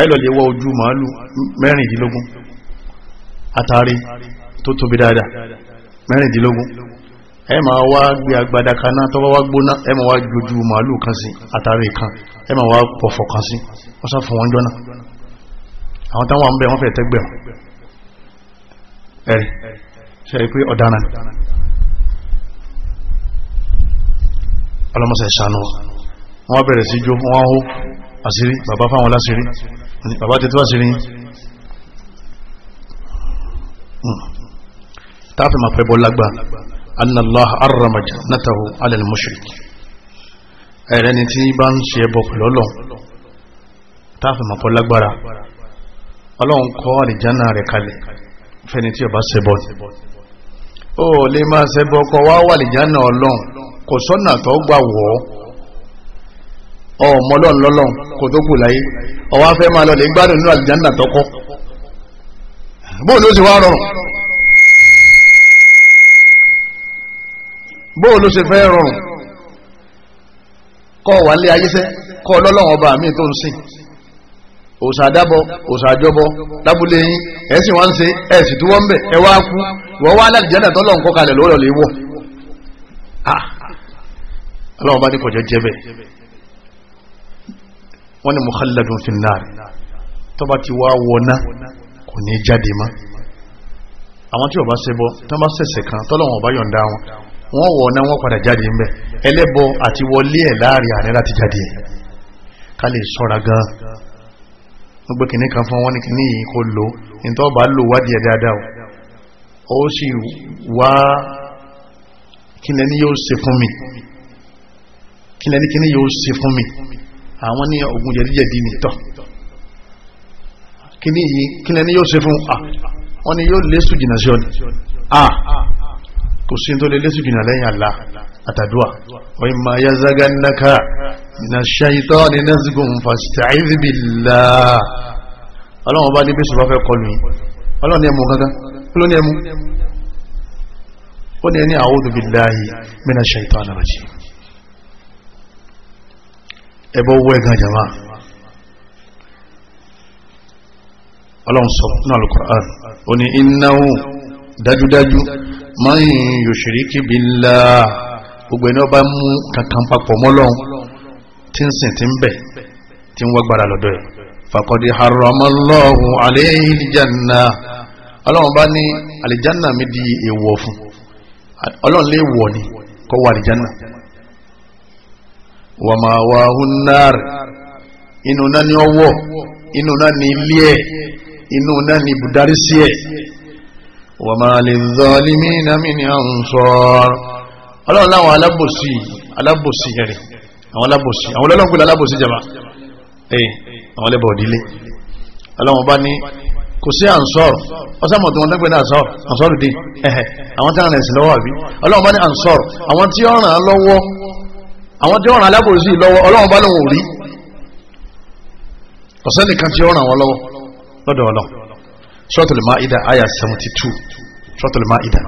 ẹlọ́lẹ̀ wọ ojú màálù mẹ́rìndínlógún àtàrí tó tóbi dáadáa mẹ́rìndínlógún ẹ ma wá gbé agbada kaná tọ́wọ́ wá gbóná ẹ ma wá gbójú màálù kan sí àtàrí kan ẹ ma wá pọ̀fọ̀ kan sí wọ́n sá fún wọn jọ́nà àwọn táwọn ń bẹ wọ́n fẹ́ tẹ́gbẹ̀ wọ́n bẹ̀rẹ̀ sí jó wọ́n hó àṣírí bàbá fáwọn bàbá ti tó àṣírí táàfì ma fẹ́ bọ́ lágbà annallah arama jannatahu alal mushrik ẹ̀rẹ́ ni tí bá ń ṣe ẹbọ pẹ̀lú ọlọ́run táàfì ma fọ́ lágbára ọlọ́run kọ́ àlìjánà rẹ̀ kalẹ̀ fẹ́ni tí ó bá ṣẹbọ ó lè máa ṣẹbọ kọ wá wà àlìjánà ọlọ́run kò sọ́nà tó gbà wọ́ ọmọ lọ́n lọ́lọ́n kò tó kù láyé ọwọ́ afẹ́ máa lọ lè gbádùn nínú àlìjánnà tọ́kọ́ bóò ló ṣe wá rọrùn bóò ló ṣe fẹ́ rọrùn kọ́ wà lé ayé sẹ́ kọ́ lọ́lọ́wọ́ ọba mi tó ń sìn òṣàdábọ̀ òṣàjọbọ̀ lábúlé yín ẹ̀sìn wá ń ṣe ẹ̀sìn tó wọ́n bẹ̀ ẹ wá kú wọ́n wá àlìjánnà tọ́lọ́ nǹkan kalẹ̀ lóòrọ̀ lè wọ̀ ọlọ́wọ́ bá ní kọjá jẹ́ bẹ́ẹ̀ wọ́n ni mukhalladun fi nnar tó bá ti wá wọná kò ní jáde mọ́ àwọn tí ó bá ṣẹbọ tó bá ṣẹ̀ṣẹ̀ kan tọ́lọ́wọ́n bá yọ̀ǹda wọn wọ́n wọná wọ́n padà jáde ń bẹ̀ ẹlẹ́bọ àti wọlé ẹ̀ láàrin àrẹ láti jáde ẹ̀ ká lè ṣọ́ra gan wọ́n kìnní kan fún wọn ní kìnní yìí kó lò nítorí ọba lò wádìí dáadáa ó sì wá kí yóò ṣe fún mi kí kìnní yóò ṣe fún mi àwọn ní ogun jẹ̀díjẹ̀dí nìtọ̀ kí ni yìí kí lẹ́ni yóò ṣe fún à ah, wọ́n ni yóò lésù jìnà sí ọdí à kò sí tó lè lésù jìnà lẹ́yìn àlá àtàdúà wa imma yazagannaka minash shaitani nazghun fasta'idh billah ọlọ́run bá ní bí sùpá fẹ́ kọlu yìí ọlọ́run ní ẹmu gangan ọlọ́run ní ẹmu ó ní ẹni a'udhu billahi minash shaitani ẹbọ wọ ẹ̀gàn jama ọlọ́run sọ náà al-Qur'an ó ní innahu dájúdájú man yushriki billah gbogbo ẹni ọba mú kankan papọ̀ mọ́lọ́run tí ń sìn tí ń bẹ̀ tí ń lọ́dọ̀ ẹ̀ wà máa wà húnáàr inú náà ni ọwọ́ inú náà ni ilé ẹ̀ inú náà ni ibùdarí sí ẹ̀ wà máa lè zọ́ọ́lì mí iná mi ni à ń sọ ọlọ́run láwọn alábòsí alábòsí ẹ̀rẹ̀ àwọn alábòsí àwọn ọlọ́run pẹ̀lú alábòsí jama ẹ̀ àwọn ẹlẹ́bọ̀ òdílé ọlọ́run bá ní kò sí ansọ́rù ọsàmọ̀ tí wọ́n tẹ́gbẹ̀ ní ansọ́rù ansọ́rù dín ẹ̀hẹ̀ àwọn tí wọ́n rẹ̀ sí lọ́wọ́ àbí ọlọ́run bá ní ansọ́rù àwọn tí ó ràn án lọ́wọ́ àwọn tí wọ́n ràn alábòsí lọ́wọ́ ọlọ́run bá lóun ò rí ọ̀sẹ́ni kan tí ó ràn wọ́n lọ́wọ́ lọ́dọ̀ ọlọ́ Suratul Maida aya seventy two Suratul Maida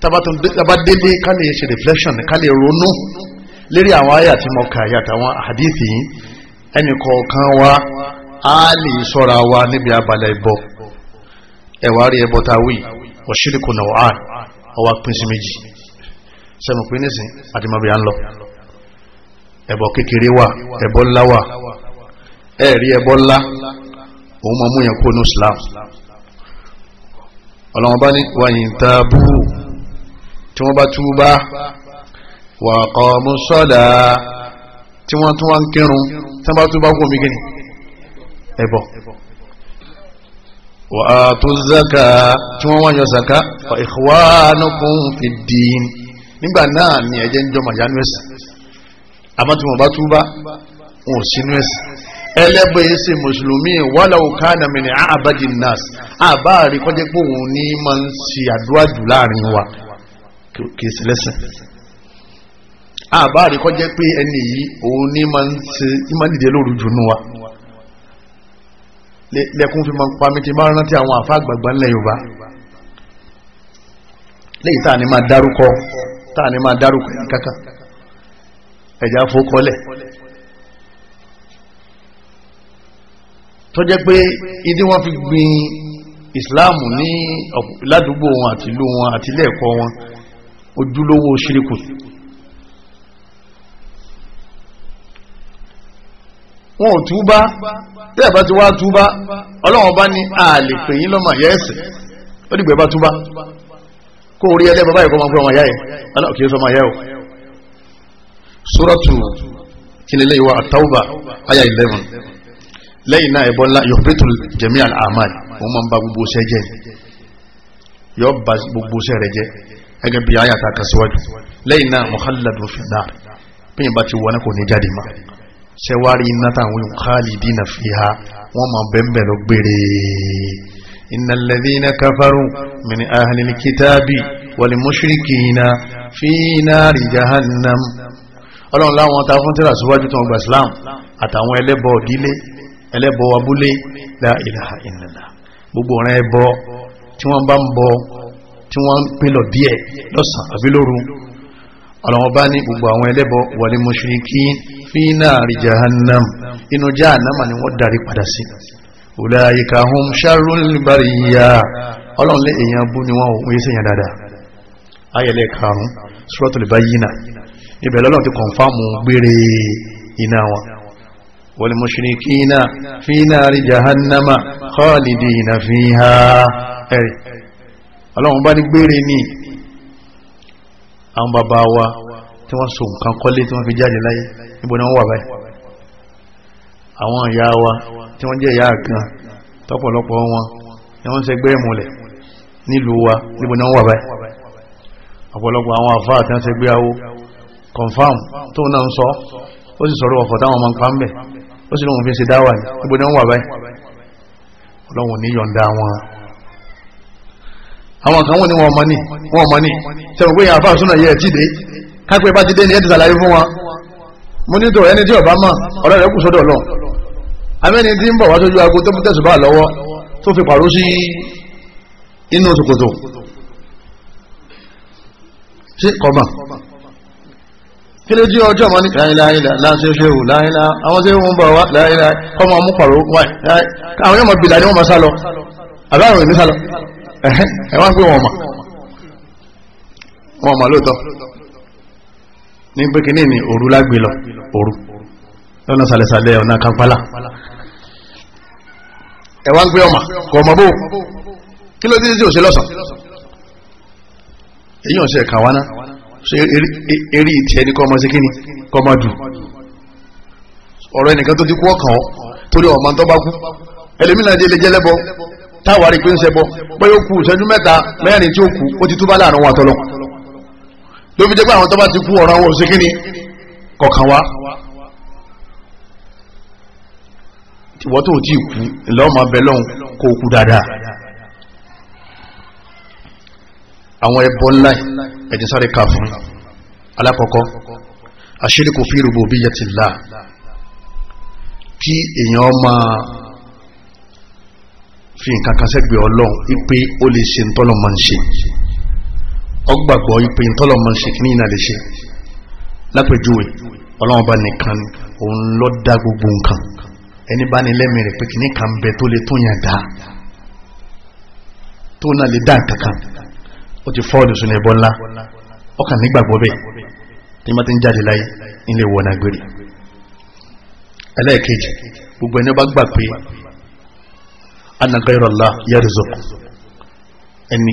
taba dédé ká lè ṣe reflection ká lè ronú lérí àwọn aya tí mo kà yàtọ̀ àwọn àdìsí yìí ẹnì kọ̀ọ̀kan wa á lè sọ́ra wa níbi abalẹ̀ ẹbọ ẹ̀wà rí ẹbọ tá a wí ọ̀ṣirikù náà wà sẹ́mu pé nísìn àti mọ̀bí à ń lọ ẹbọ kékeré wà ẹbọ ńlá wà ẹ rí ẹbọ ńlá òun máa mú yẹn kó ní Islam ọlọ́wọ́n bá ní wàyí ń ta búrú tí wọ́n bá túbá wà kọ́ mú sọ́dà tí wọ́n tún wá ń kírun tí wọ́n bá túbá kó omi gíní ẹbọ wà á tó zaka tí wọ́n wá yọ zaka wà ikhwanukum fid din nígbà náà ni ẹ̀jẹ̀ ń jọ màjánú ẹ̀sìn àmọ́ tí wọ́n bá túbá wọn ò sínú ẹ̀sìn ẹlẹ́bẹ̀ yìí ṣe mùsùlùmí wàláwù kánà àbájì nas àbá rí kọjá pé òun ní máa ń ṣe àdúrà jù láàrin wa kì í ṣe lẹ́sìn àbá rí kọjá pé ẹni yìí òun ní máa ń ṣe ìmọ̀lìdé lóru jù nù wa lẹ́kùn fi máa ń pa mí ti máa rántí àwọn àfa àgbààgbà ńlẹ̀ Yorùbá lẹ́yìn tá a ní máa dárúkọ táà ní máa dárúkọ ẹ̀ kankan ẹ̀já fókọlẹ̀ tó jẹ́ pé ìdí wọ́n fi gbin ìsìláàmù ní ládùúgbò wọn àti ìlú wọn àti ilé ẹ̀kọ́ wọn ojúlówó ṣíríkù wọn ò túbá tí wá túbá ọlọ́wọ́n bá ní ààlè pè yín lọ́mọ yẹ́ ó dìgbẹ́ bá túbá kó orí ẹlẹ́bọ̀ báyìí kọ́ máa pẹ́ ọmọ ayá ẹ̀ aláàkí ó sọ máa yá ẹ̀ suratu kínílé ìwà àtàwùbà ayá 11 lẹ́yìn náà ẹ̀bọ́n ńlá yọ̀pẹ́tù jẹ̀mí àmàlì òun máa ń ba gbogbo iṣẹ́ jẹ́ yọ ba gbogbo iṣẹ́ rẹ̀ jẹ́ gẹ́gẹ́ bí ayá ta kàṣíwájú lẹ́yìn náà muhalladu إن الذين كفروا من أهل الكتاب والمشركين في نار جهنم ọlọ́run láwọn ta fún tíra síwájú tó ń gba islam àtàwọn ẹlẹ́bọ ìdílé ẹlẹ́bọ abúlé la ilaha illallah gbogbo ọ̀rẹ́ ẹbọ tí wọ́n bá ń bọ tí wọ́n ń pín lọ díẹ̀ lọ́sàn àbí lóru ọlọ́run bá ní gbogbo àwọn ẹlẹ́bọ wal mushrikin fi nari jahannam inú jahannama ni wọ́n darí padà sí ọláyíká hún ṣàrù níbàrí ìyá ọlọ́run lé èyàn bú ni wọ́n òun yẹ́sẹ̀ yẹn dáadáa ayẹlẹ́ karùn-ún suratul bayyina ibẹ̀ lọ́lọ́run ti kọ̀nfàmù gbére iná wọn wal mushrikina fi nari jahannama khalidina fiha ẹ̀rì ọlọ́run bá ní gbére ní àwọn bàbá wa tí wọ́n so nǹkan kọ́lé tí wọ́n fi jáde láyé níbo ni wọ́n wà báyìí àwọn ìyá wa tí wọ́n jẹ́ ìyá kan tọ́pọ̀lọpọ̀ wọn ni wọ́n ń ṣẹgbẹ́ ìmúlẹ̀ nílùú wa níbo náà wà báyìí ọ̀pọ̀lọpọ̀ àwọn àfá àti wọ́n ṣẹgbẹ́ àwọ confam tó náà ń sọ ó sì sọ̀rọ̀ ọ̀fọ̀ táwọn máa ń pa ń bẹ̀ ó sì lóun fi ṣe dáwà ní níbo náà wà báyìí ọlọ́run ní yọ̀ǹda wọn àwọn kan wọ́n ní wọn mọ́ni wọn mọ́ni tẹ̀wọ̀n pé àfá súnà yẹ ẹ̀tì dé kápẹ́ bá ti dé ní ẹ̀ sàlàyé fún wọn mo ní tò ẹni tí ọba mọ̀ ọ̀rẹ́ kù sọ́dọ̀ ọlọ́run amẹ́ni tí ń bọ̀ wá sójú aago tó mú tẹ̀sùbá lọ́wọ́ tó fi pàró sí inú ṣòkòtò sí kọ̀mà kí ló jí ọjọ́ mọ́ ní láìláìlá láti ṣe òun láìlá àwọn tí wọ́n bọ̀ wá láìlá kọ́mọ mú pàró wà àwọn yóò mọ̀ bìlà ni wọ́n mọ̀ sá lọ àbáwọn ìní sá lọ ẹ̀wọ́n pé wọ́n mọ̀ wọ́n mọ̀ lóòótọ́ ní pé kínní ni òru lágbè lọ òru lọ́nà sàlẹ̀sàlẹ̀ ọ̀nà kampala ẹ̀wà ń gbé ọmọ kò mọ̀ bó kí ló dé tí ò ṣe lọ́sàn èyí ò ṣe ẹ̀ka wá náà ṣe eré ìtì ẹni kọ́ ọmọ sí kíni kọ́ ọmọ dù ọ̀rọ̀ ẹnìkan tó ti kú ọkàn ọ́ torí ọmọ tó bá kú ẹlòmínà dé lè jẹ́lẹ́bọ táwárí pé ń ṣẹbọ bóyá ó kú ìṣẹ́jú mẹ́ta mẹ́rin tí ó kú ó ti túbá láàrin wọn àtọ́lọ́ ló fi jẹ́ pé àwọn tó bá ti kú ọ̀rọ̀ àwọn òṣèkíní kọ̀ọ̀kan wá ìwọ tó ti kú lọ́mọ bẹ́lọ́n kó kú dáadáa àwọn ẹbọ ńlá ẹ̀jẹ̀ sáré ká fún alákọ̀ọ́kọ́ àṣíríkò fi rububiyatillah kí èèyàn máa fi nǹkan kan sẹ́gbẹ̀ẹ́ ọlọ́run ipe ó lè ṣe ntọ́lọ̀ máa ń ṣe ọgbàgbọ́ ipe ntọ́lọ̀ máa ń ṣe kí ní lè ṣe lápèjúwe ọlọ́run ọba nìkan òun ló dá gbogbo nǹkan ẹni bá ní lẹ́mìí rẹ̀ pé kìíní kan bẹ tó lè tún yàn dá tó náà lè dá nǹkankan ó ti fọ́ọ̀lù sínú ẹbọ ńlá ọkàn nígbàgbọ́ bẹ́ẹ̀ tí wọ́n ti ń jáde láyé nílé wọ̀nà gbére ẹlẹ́ẹ̀kejì gbogbo ẹni bá gbà pé anna ghayra Allah ẹni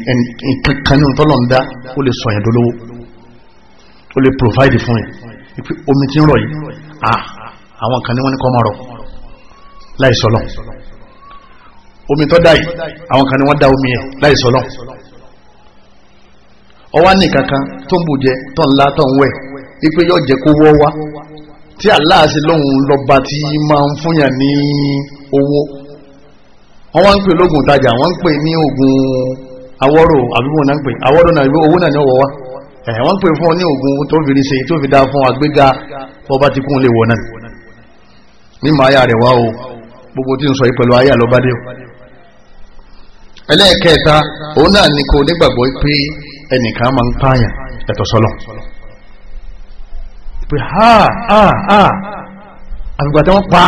kankan ní tọ́lọ̀ ń dá ó lè sọ̀yàn dolówó ó lè provide fún yẹn omi tí ń rọ̀ yìí ah, àwọn kan ní wọ́n ní kọ́ máa rọ̀ láìsọ̀lọ̀ omi tó dá yìí àwọn kan ni wọ́n dá omi yẹn láìsọ̀lọ̀ ọwá ní kankan tó ń bù jẹ tó ń la tó ń wẹ̀ ipe yóò jẹ kó wọ́ wá tí aláàṣẹ lóhun lọ́ba tí máa ń fúnyàn ní owó wọ́n wá ń pè lóògùn tajà wọ́n ń pè ní oògùn awọ́rò àbíwò náà ń pè awọ́rò náà ìwé owó náà ní ọwọ́ wá ẹ̀ wọ́n ń pè fún ọ ní oògùn tó fi ṣe tó fi dá fún àgbéga bọ́ba ti kún lè wọ̀ náà mímọ ayá rẹ̀ wá o gbogbo tí ń sọ yìí pẹ̀lú ayé àlọ́bádé o ẹlẹ́ẹ̀kẹta òun náà ni kò nígbàgbọ́ pé ẹnìkan máa ń pààyàn ẹ̀tọ́ sọ́lọ̀ pé ha ha ha àgbà tí wọ́n pa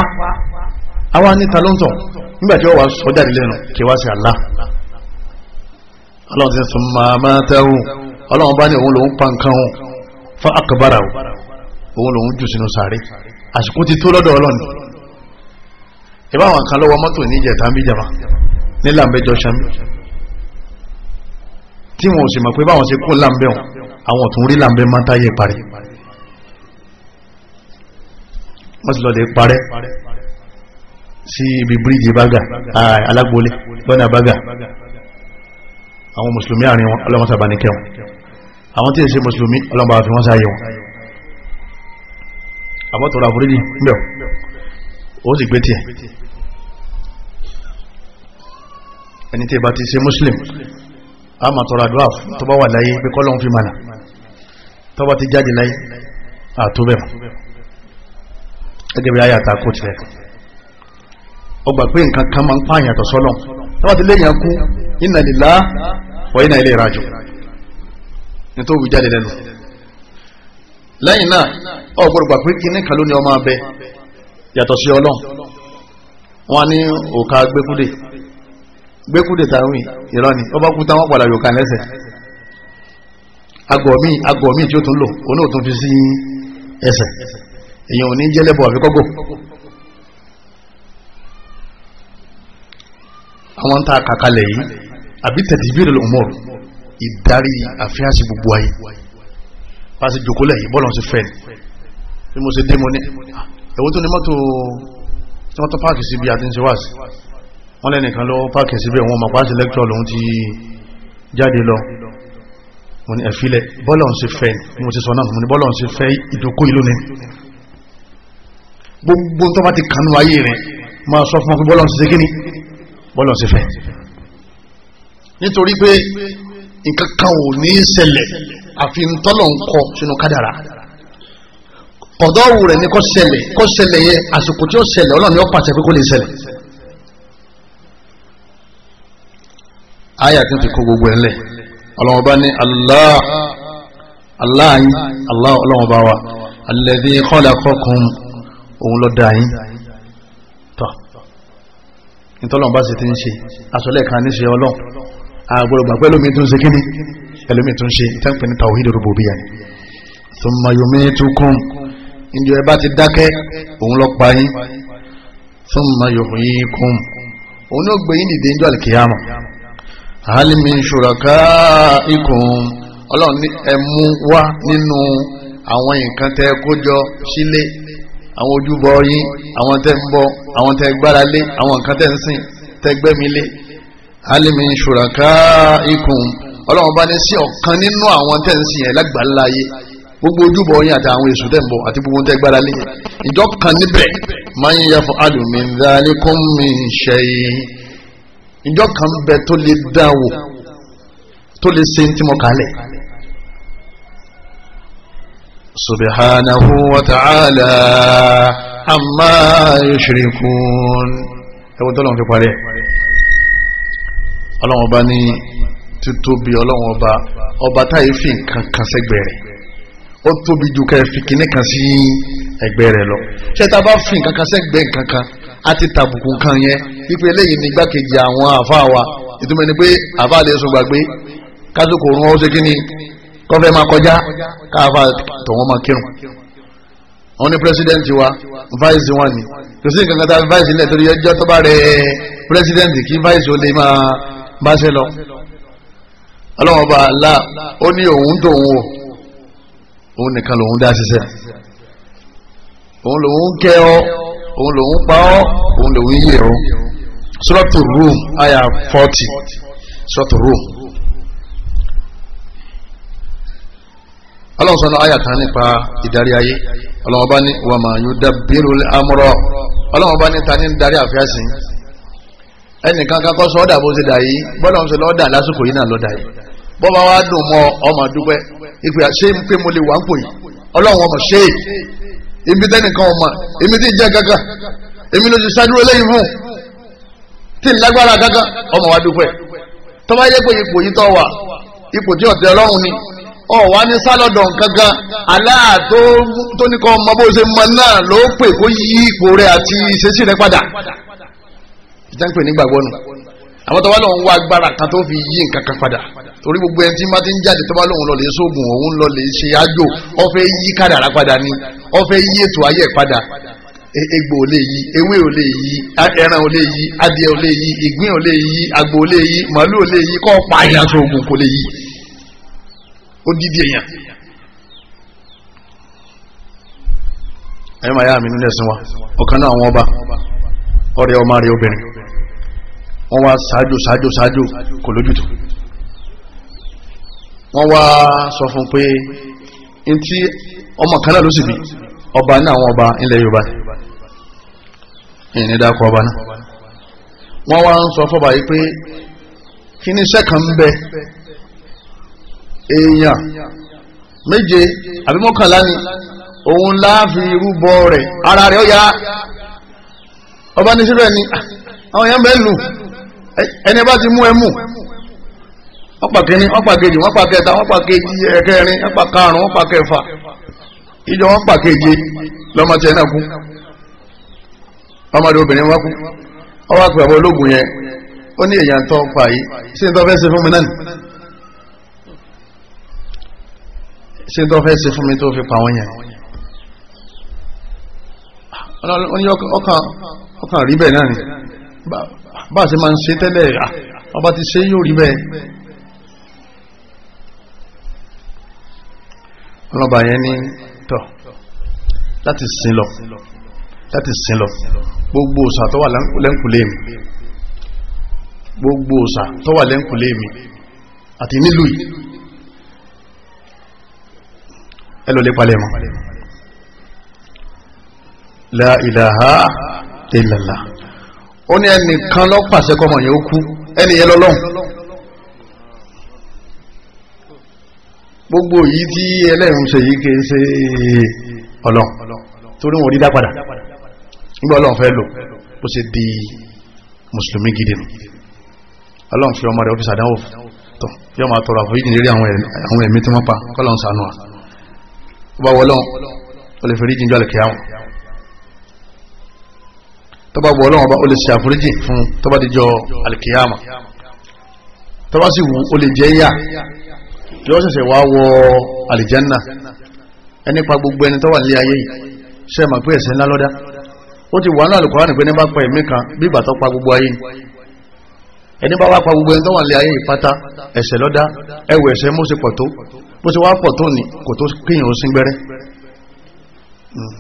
àwa níta ló ń tọ̀ nígbà tí wọ́n wá sọ jáde lẹ́nu kí wá sí Allah ọlọ́run ti sọ máa máa tẹ́wù ọlọ́run bá ní òun lòun pa nǹkan òun fún akọbára òun lòun jù sínú sàárè àsìkò ti tó lọ́dọ̀ ọlọ́run ìbá àwọn kan lọ́wọ́ mọ́tò ní ìjẹta ń bí jama ní làǹbẹ́jọ ṣàmì tí wọn ò sì mọ̀ pé báwọn ṣe kó làǹbẹ́ wọn àwọn ọ̀tún rí làǹbẹ́ máa táyé parí wọ́n ti lọ́lẹ̀ parẹ́ sí ibi bíríjì bága alágbólé lọ́nà bága àwọn mùsùlùmí àárín wọn ọlọ́mọ sábà ní kẹwọn àwọn tí èsì mùsùlùmí ọlọ́mọ àti wọn sáyé wọn àbọ̀tọ̀rọ̀ àforíjì ń bẹ̀rù ó sì gbé tiẹ̀ ẹni tí ìbá ti ṣe muslim a máa tọrọ àdúrà tó bá wà láyé pé kọ́lọ́hún fi mànà tó bá ti jáde láyé àtúbẹ̀ gẹ́gẹ́ bí ayé àtàkù tiẹ̀ ọgbà pé nǹkan kan máa ń pààyàn tó sọ́lọ̀ tó bá ti léyìn kú inna lillahi wa inna ilayhi raji'un nítorí jáde lẹ́nu lẹ́yìn náà ọgbọ̀rọ̀gbà pé kíní kan ló ní ọmọ abẹ yàtọ̀ sí ọlọ́run wọ́n ní òkà gbẹ́kúdè gbẹ́kúdè tàwí irọ́ ni ọba kúta wọ́n padà yòókà lẹ́sẹ̀ agọ̀mí agọ̀mí tí ó tún lò òun ò tún fi sí ẹsẹ̀ èèyàn ò ní jẹ́lẹ́bọ̀ àfikọ́gò àwọn tá a kàkalẹ̀ yìí àbí tẹ̀tìbírì lòmọ́rù ìdarí àfihàn gbogbo ayé pàṣẹ jòkó lẹ́yìn bọ́ọ̀lù ọ̀sẹ̀ fẹ́ẹ̀ ni mo ṣe dé mo ní ah, ẹ̀wọ́ tó ní mọ́tò tí wọ́n tó páàkì sí bí àti ń ṣe wá sí wọ́n lẹ́nìkan lọ páàkì síbẹ̀ wọn mọ̀ pàṣẹ lẹ́kítọ̀ lòun ti jáde lọ mo ní ẹ̀fílẹ̀ bọ́lọ̀ ń ṣe fẹ́ ni mo ti sọ náà mo ní bọ́lọ̀ ń ṣe ni gbogbo tó bá ti nítorí pé nǹkan kan ò ní í àfi ń tọ́lọ̀ ń kọ sínú kádàrà kọ̀dọ́wù rẹ̀ ni kó ṣẹlẹ̀ kó ṣẹlẹ̀ yẹ àsìkò tí ó ṣẹlẹ̀ ọlọ́run ni ó pàṣẹ pé kó lè ṣẹlẹ̀. àyà tún kó gbogbo ẹ̀ lẹ̀ ọlọ́run bá ní Allah Allah yín Allah ọlọ́run bá wa alladhi khalaqakum òun ló dá yín tọ́ nítọ́lọ́run bá sì ti ń ṣe àsọlẹ̀ kan ní ṣe ọlọ́run àgbọ̀rọ̀gbà pẹ̀lú mi tún ṣe kíni pẹ̀lú mi tún ṣe tẹ́ǹpẹ̀ ní tawhid rububiyya thumma yumitukum ìjọ ẹ bá ti dákẹ́ òun lọ pa yín thumma yuhyikum òun ló gbé yín dìde níjọ́ àlìkìyàmọ̀ hal min shurakaikum ọlọ́run ní ẹ mú wá nínú àwọn nǹkan tẹ́ kó jọ sílé àwọn ojúbọ yín àwọn tẹ́ ń bọ àwọn tẹ́ gbára lé àwọn nǹkan tẹ́ ń sìn tẹ́ gbẹ́mi lé hal min shurakaikum ọlọ́run bá ní sí ọ̀kan nínú àwọn tẹ́ ń sìn yẹn lágbàá gbogbo ojúbọ yín àti àwọn èṣù tẹ̀ ń bọ̀ àti gbogbo tẹ̀ gbára ìjọ kan níbẹ̀ máa ń yẹ fún alùmí ṣe é ìjọ kan bẹ tó lè dáwò tó lè ṣe tí mo kà lẹ̀. subhanahu wa ta'ala amma yushrikun ẹwọ́n tó lọ́n fi parí ẹ̀ ọlọ́wọ́n bá ní títóbi ọlọ́wọ́n ọba ọba táyé fi nǹkan kan sẹ́gbẹ̀ẹ́ ó tóbi ju kẹ́ fi kinní kan sí ẹgbẹ́ rẹ̀ lọ ṣé tá a bá fi nǹkan kan sẹ́gbẹ́ nǹkan kan á ti tàbùkù kan yẹn wípé eléyìí ni igbákejì àwọn àfa wa ìtumọ̀ ni pé àfa lè sùn gbàgbé kásìkò òun ó ṣe kí ni máa kọjá káfa tọwọn máa kírun wọn ní pírẹsidẹǹtì wa vice wọn ni kò sí nǹkan kan tá a fi vice nílẹ̀ torí ọjọ́ tó bá rẹ pírẹsidẹǹtì kí vice ó lè máa bá ṣe lọ ọlọ́wọ́n bá a la ó ní òun tóun o òun nìkan lòun dá ṣiṣẹ́ òun lòun kẹ́ ọ òun lòun pa ọ òun lòun yẹ ọ sọ́tù rúm àyà fọ́tì sọ́tù rúm. ọlọ́run sọ́nà àyà kan nípa ìdarí ayé ọlọ́run ní wa ma yudabbiru al-amra ọlọ́run bá ní ta ní darí àfẹ́sìn ẹnìkan kan kọ́ sọ ọ́dà bó ṣe dà yìí bọ́lá ń ṣe lọ́ọ́dà lásìkò yìí náà lọ́ọ́dà yìí bọ́ba wa dùn mọ́ ọmọ dúpẹ́ ìpè àṣẹ pé mo lè wà ń pò yìí ọlọ́run ọmọ ṣe é ibi tẹ́nìkan ọmọ èmi ti jẹ́ kankan èmi ló ti ṣáájúró lẹ́yìn fún tí ń lágbára kankan ọmọ wa dúpẹ́ tọ́ba yẹ pé ipò yìí tọ́ wà ipò tí ọ̀tẹ̀ ọlọ́run ni ọ̀wá ní sálọ̀dọ̀ kankan aláàtó tó ní kọ́ ọmọ bó ṣe mọ náà ló pè kó yí ipò rẹ̀ àti ìṣesí rẹ̀ padà ìjànpè nígbàgbọ́ nù àwọn tó bá lòun wá agbára kan tó fi yí nǹkan kan padà torí gbogbo ẹni tí má ti ń jáde tó lòun lọ lè sóògùn òun lọ lè ṣe àjò ó yí kádàrá padà ni ó fẹ́ yí ètò ayé padà e, egbò ò lè yí ewé ò lè yí ẹran ò lè yí adìẹ ò lè yí ìgbín ò lè yí àgbò ò lè yí màálù ò lè yí kọ́ pa àyàn sóògùn kò lè yí ó dídí èèyàn. ẹ̀yin màá yá mi nílẹ̀ sí wa ọ̀kan náà àwọn ọba ọ̀rẹ́ ọmọ rẹ̀ obìnrin. wọ́n wá ṣáájú ṣáájú ṣáájú kò lójútù wọ́n wá sọ fún pé n tí ọmọ kan náà ló sì bí ọba ní àwọn ọba ilẹ̀ Yorùbá ìní dákọ̀ ọba náà wọ́n wá ń sọ fọ́ba yìí pé kí ní iṣẹ́ kan ń bẹ èèyàn méje àbí mọ́kànlá ni òun láàfin irúbọ rẹ̀ ara rẹ̀ ó yá ọba ní síbẹ̀ ni ah, àwọn èèyàn bẹ́ẹ̀ lù ẹni bá ti mú ẹ mú wọ́n pa kínní wọ́n pa kejì wọ́n pa kẹta wọ́n pa kejì ẹ̀kẹrin wọ́n pa karùn-ún wọ́n pa kẹfà ìjọ wọ́n pa keje lọ́mọ tiẹ̀ náà kú ọmọdé obìnrin wá kú ọwọ́ àpè àbọ̀ ológun yẹn ó ní èèyàn tó pa yìí ṣé n tó fẹ́ ṣe fún mi náà ni ṣé n tó fẹ́ ṣe fún mi tó fi pa wọ́n yẹn ọkàn rí bẹ́ẹ̀ náà ni bá a ṣe máa ń ṣe tẹ́lẹ̀ ọba ti ṣe yóò rí bẹ́ẹ̀ ọlọ́ba yẹn ní tọ̀ láti sin lọ láti sin lọ gbogbo òsà tó wà lẹ́ǹkùlé mi gbogbo òsà tó wà lẹ́ǹkùlé mi àti nílùú yìí ẹlòlé palẹ̀ mọ́ la ilaha illallah ó ní ẹnìkan ló pàṣẹ kọmọ yẹn ó kú ẹnì yẹn lọ́lọ́hùn gbogbo yìí tí ẹlẹ́yìn ń ṣe yìí kì í ṣe ọlọ́run torí wọn ò rí dá padà nígbà ọlọ́run fẹ́ lò bó ṣe di mùsùlùmí gidi nù ọlọ́run fi ọmọ rẹ̀ ọ́fíìsì àdánwò tọ̀ yóò máa tọrọ àforíjì lérí àwọn ẹ̀mí tí wọ́n pa kọ́lọ́run ṣàánú wa ó bá wọlọ́run ó lè fi rí jíjọ́ kí àwọn tó bá wọ ọlọ́wọ́n bá ó lè ṣe àforíjì fún tó bá dijọ́ alikiyama tó bá sì wù ó lè jẹ́ yá yóò ṣẹ̀ṣẹ̀ wá wọ alijanna ẹni pa gbogbo ẹni tó wà nílé ayé yìí ṣe mà pé ẹ̀ṣẹ̀ ńlá lọ́dá ó ti wà ní Al-Kùránì pé ní bá pa ẹ̀mí kan bí ìgbà tó pa gbogbo ayé ẹni bá wá pa gbogbo ẹni tó wà nílé ayé yìí pátá ẹ̀ṣẹ̀ lọ́dá ẹwù ẹ̀ṣẹ̀ mú sí pọ̀ tó bó wá pọ̀ tó kò tó kéèyàn ó sín gbẹ́rẹ́ hmm.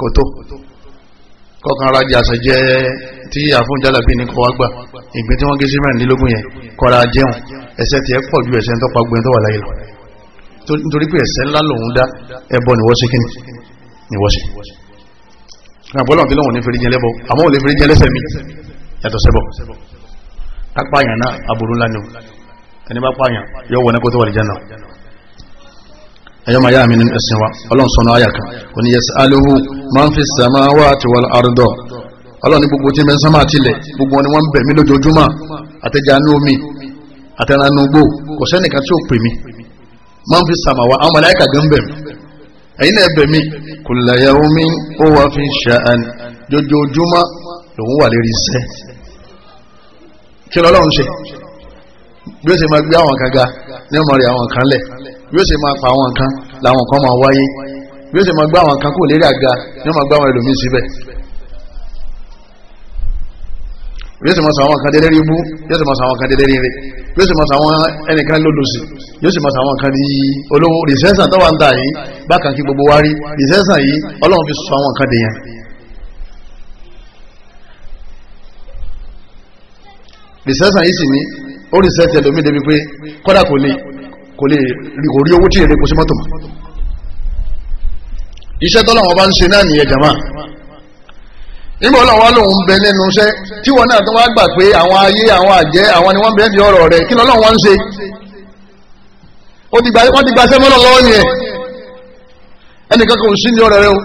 kò tó kọkàn ara jẹ àṣàjẹ tí àfúnjálà bí ní kọ wá gbà ìgbín tí wọ́n gé sí mẹ́rìndínlógún yẹn kọra jẹun ẹ̀ṣẹ̀ tiẹ̀ pọ̀ ju ẹ̀ṣẹ̀ tó pa gbẹ tó wà láyé lọ nítorí pé ẹ̀ṣẹ̀ ńlá lòun dá ẹbọ ni wọ́n ṣe kíni ni wọ́n ṣe àbọ́lọ̀ tí lọ́wọ́ ní fèrè jẹ àmọ́ ò lè fèrè jẹ mi yàtọ̀ sẹ́bọ̀ apáyàn náà aburú ńlá ni ẹni bá pààyàn yọ wọ ní ẹ̀yọ́ máa yá mi nínú ẹ̀sìn wa ọlọ́run sọnù ayà kan kò ní yẹsẹ̀ alóhu máa ń fi sàmà wá àti wà àrùdọ̀ ọlọ́run ní gbogbo tí mi ń sánmà tilẹ̀ gbogbo ni wọ́n ń bẹ̀ mí lójoojúmọ́ àtẹ̀jánu omi àtẹ̀ránu gbò kò sẹ́nìkan tí ó pè mí máa ń fi sàmà wá àwọn màláíkà gan bẹ̀ ẹ̀yin náà bẹ̀ mí kulla yawmin ó wà fi sha'an lójoojúmọ́ bí ó sì máa fa àwọn nǹkan làwọn nǹkan máa wáyé bí ó sì máa gbá àwọn nǹkan kúrò lérí àga ni wọ́n máa gbá àwọn ẹlòmíín síbẹ̀ bí ó sì máa sọ àwọn nǹkan dédé rí ibú bí ó sì máa sọ àwọn nǹkan dédé rí ire bí ó máa sọ àwọn ẹnìkan lólùsì bí ó máa sọ àwọn nǹkan ní olówó rìsẹ́sàn tó wà ń tà yìí bákan kí gbogbo wa rí rìsẹ́sàn yìí ọlọ́run fi sọ àwọn nǹkan dèèyàn rìsẹ́sàn yìí sì ní ó rìsẹ́sàn ẹlòmíín débi pé kọ́dà kò lè kò lè rí owó tí èrè kò sí mọ́tò mọ́ iṣẹ́ tọ́lá wọn bá ń ṣe náà nìyẹn jàmá nígbà wọn wá lòun bẹ nínú iṣẹ́ tí wọn náà tó wá gbà pé àwọn ayé àwọn àjẹ́ àwọn ni wọ́n bẹ ní ọ̀rọ̀ rẹ̀ kí lọ́lọ́run wọ́n ń ṣe wọ́n ti gba iṣẹ́ mọ́lọ́ lọ́wọ́ yẹn ẹnìkan kò sí ní ọ̀rọ̀ rẹ̀ o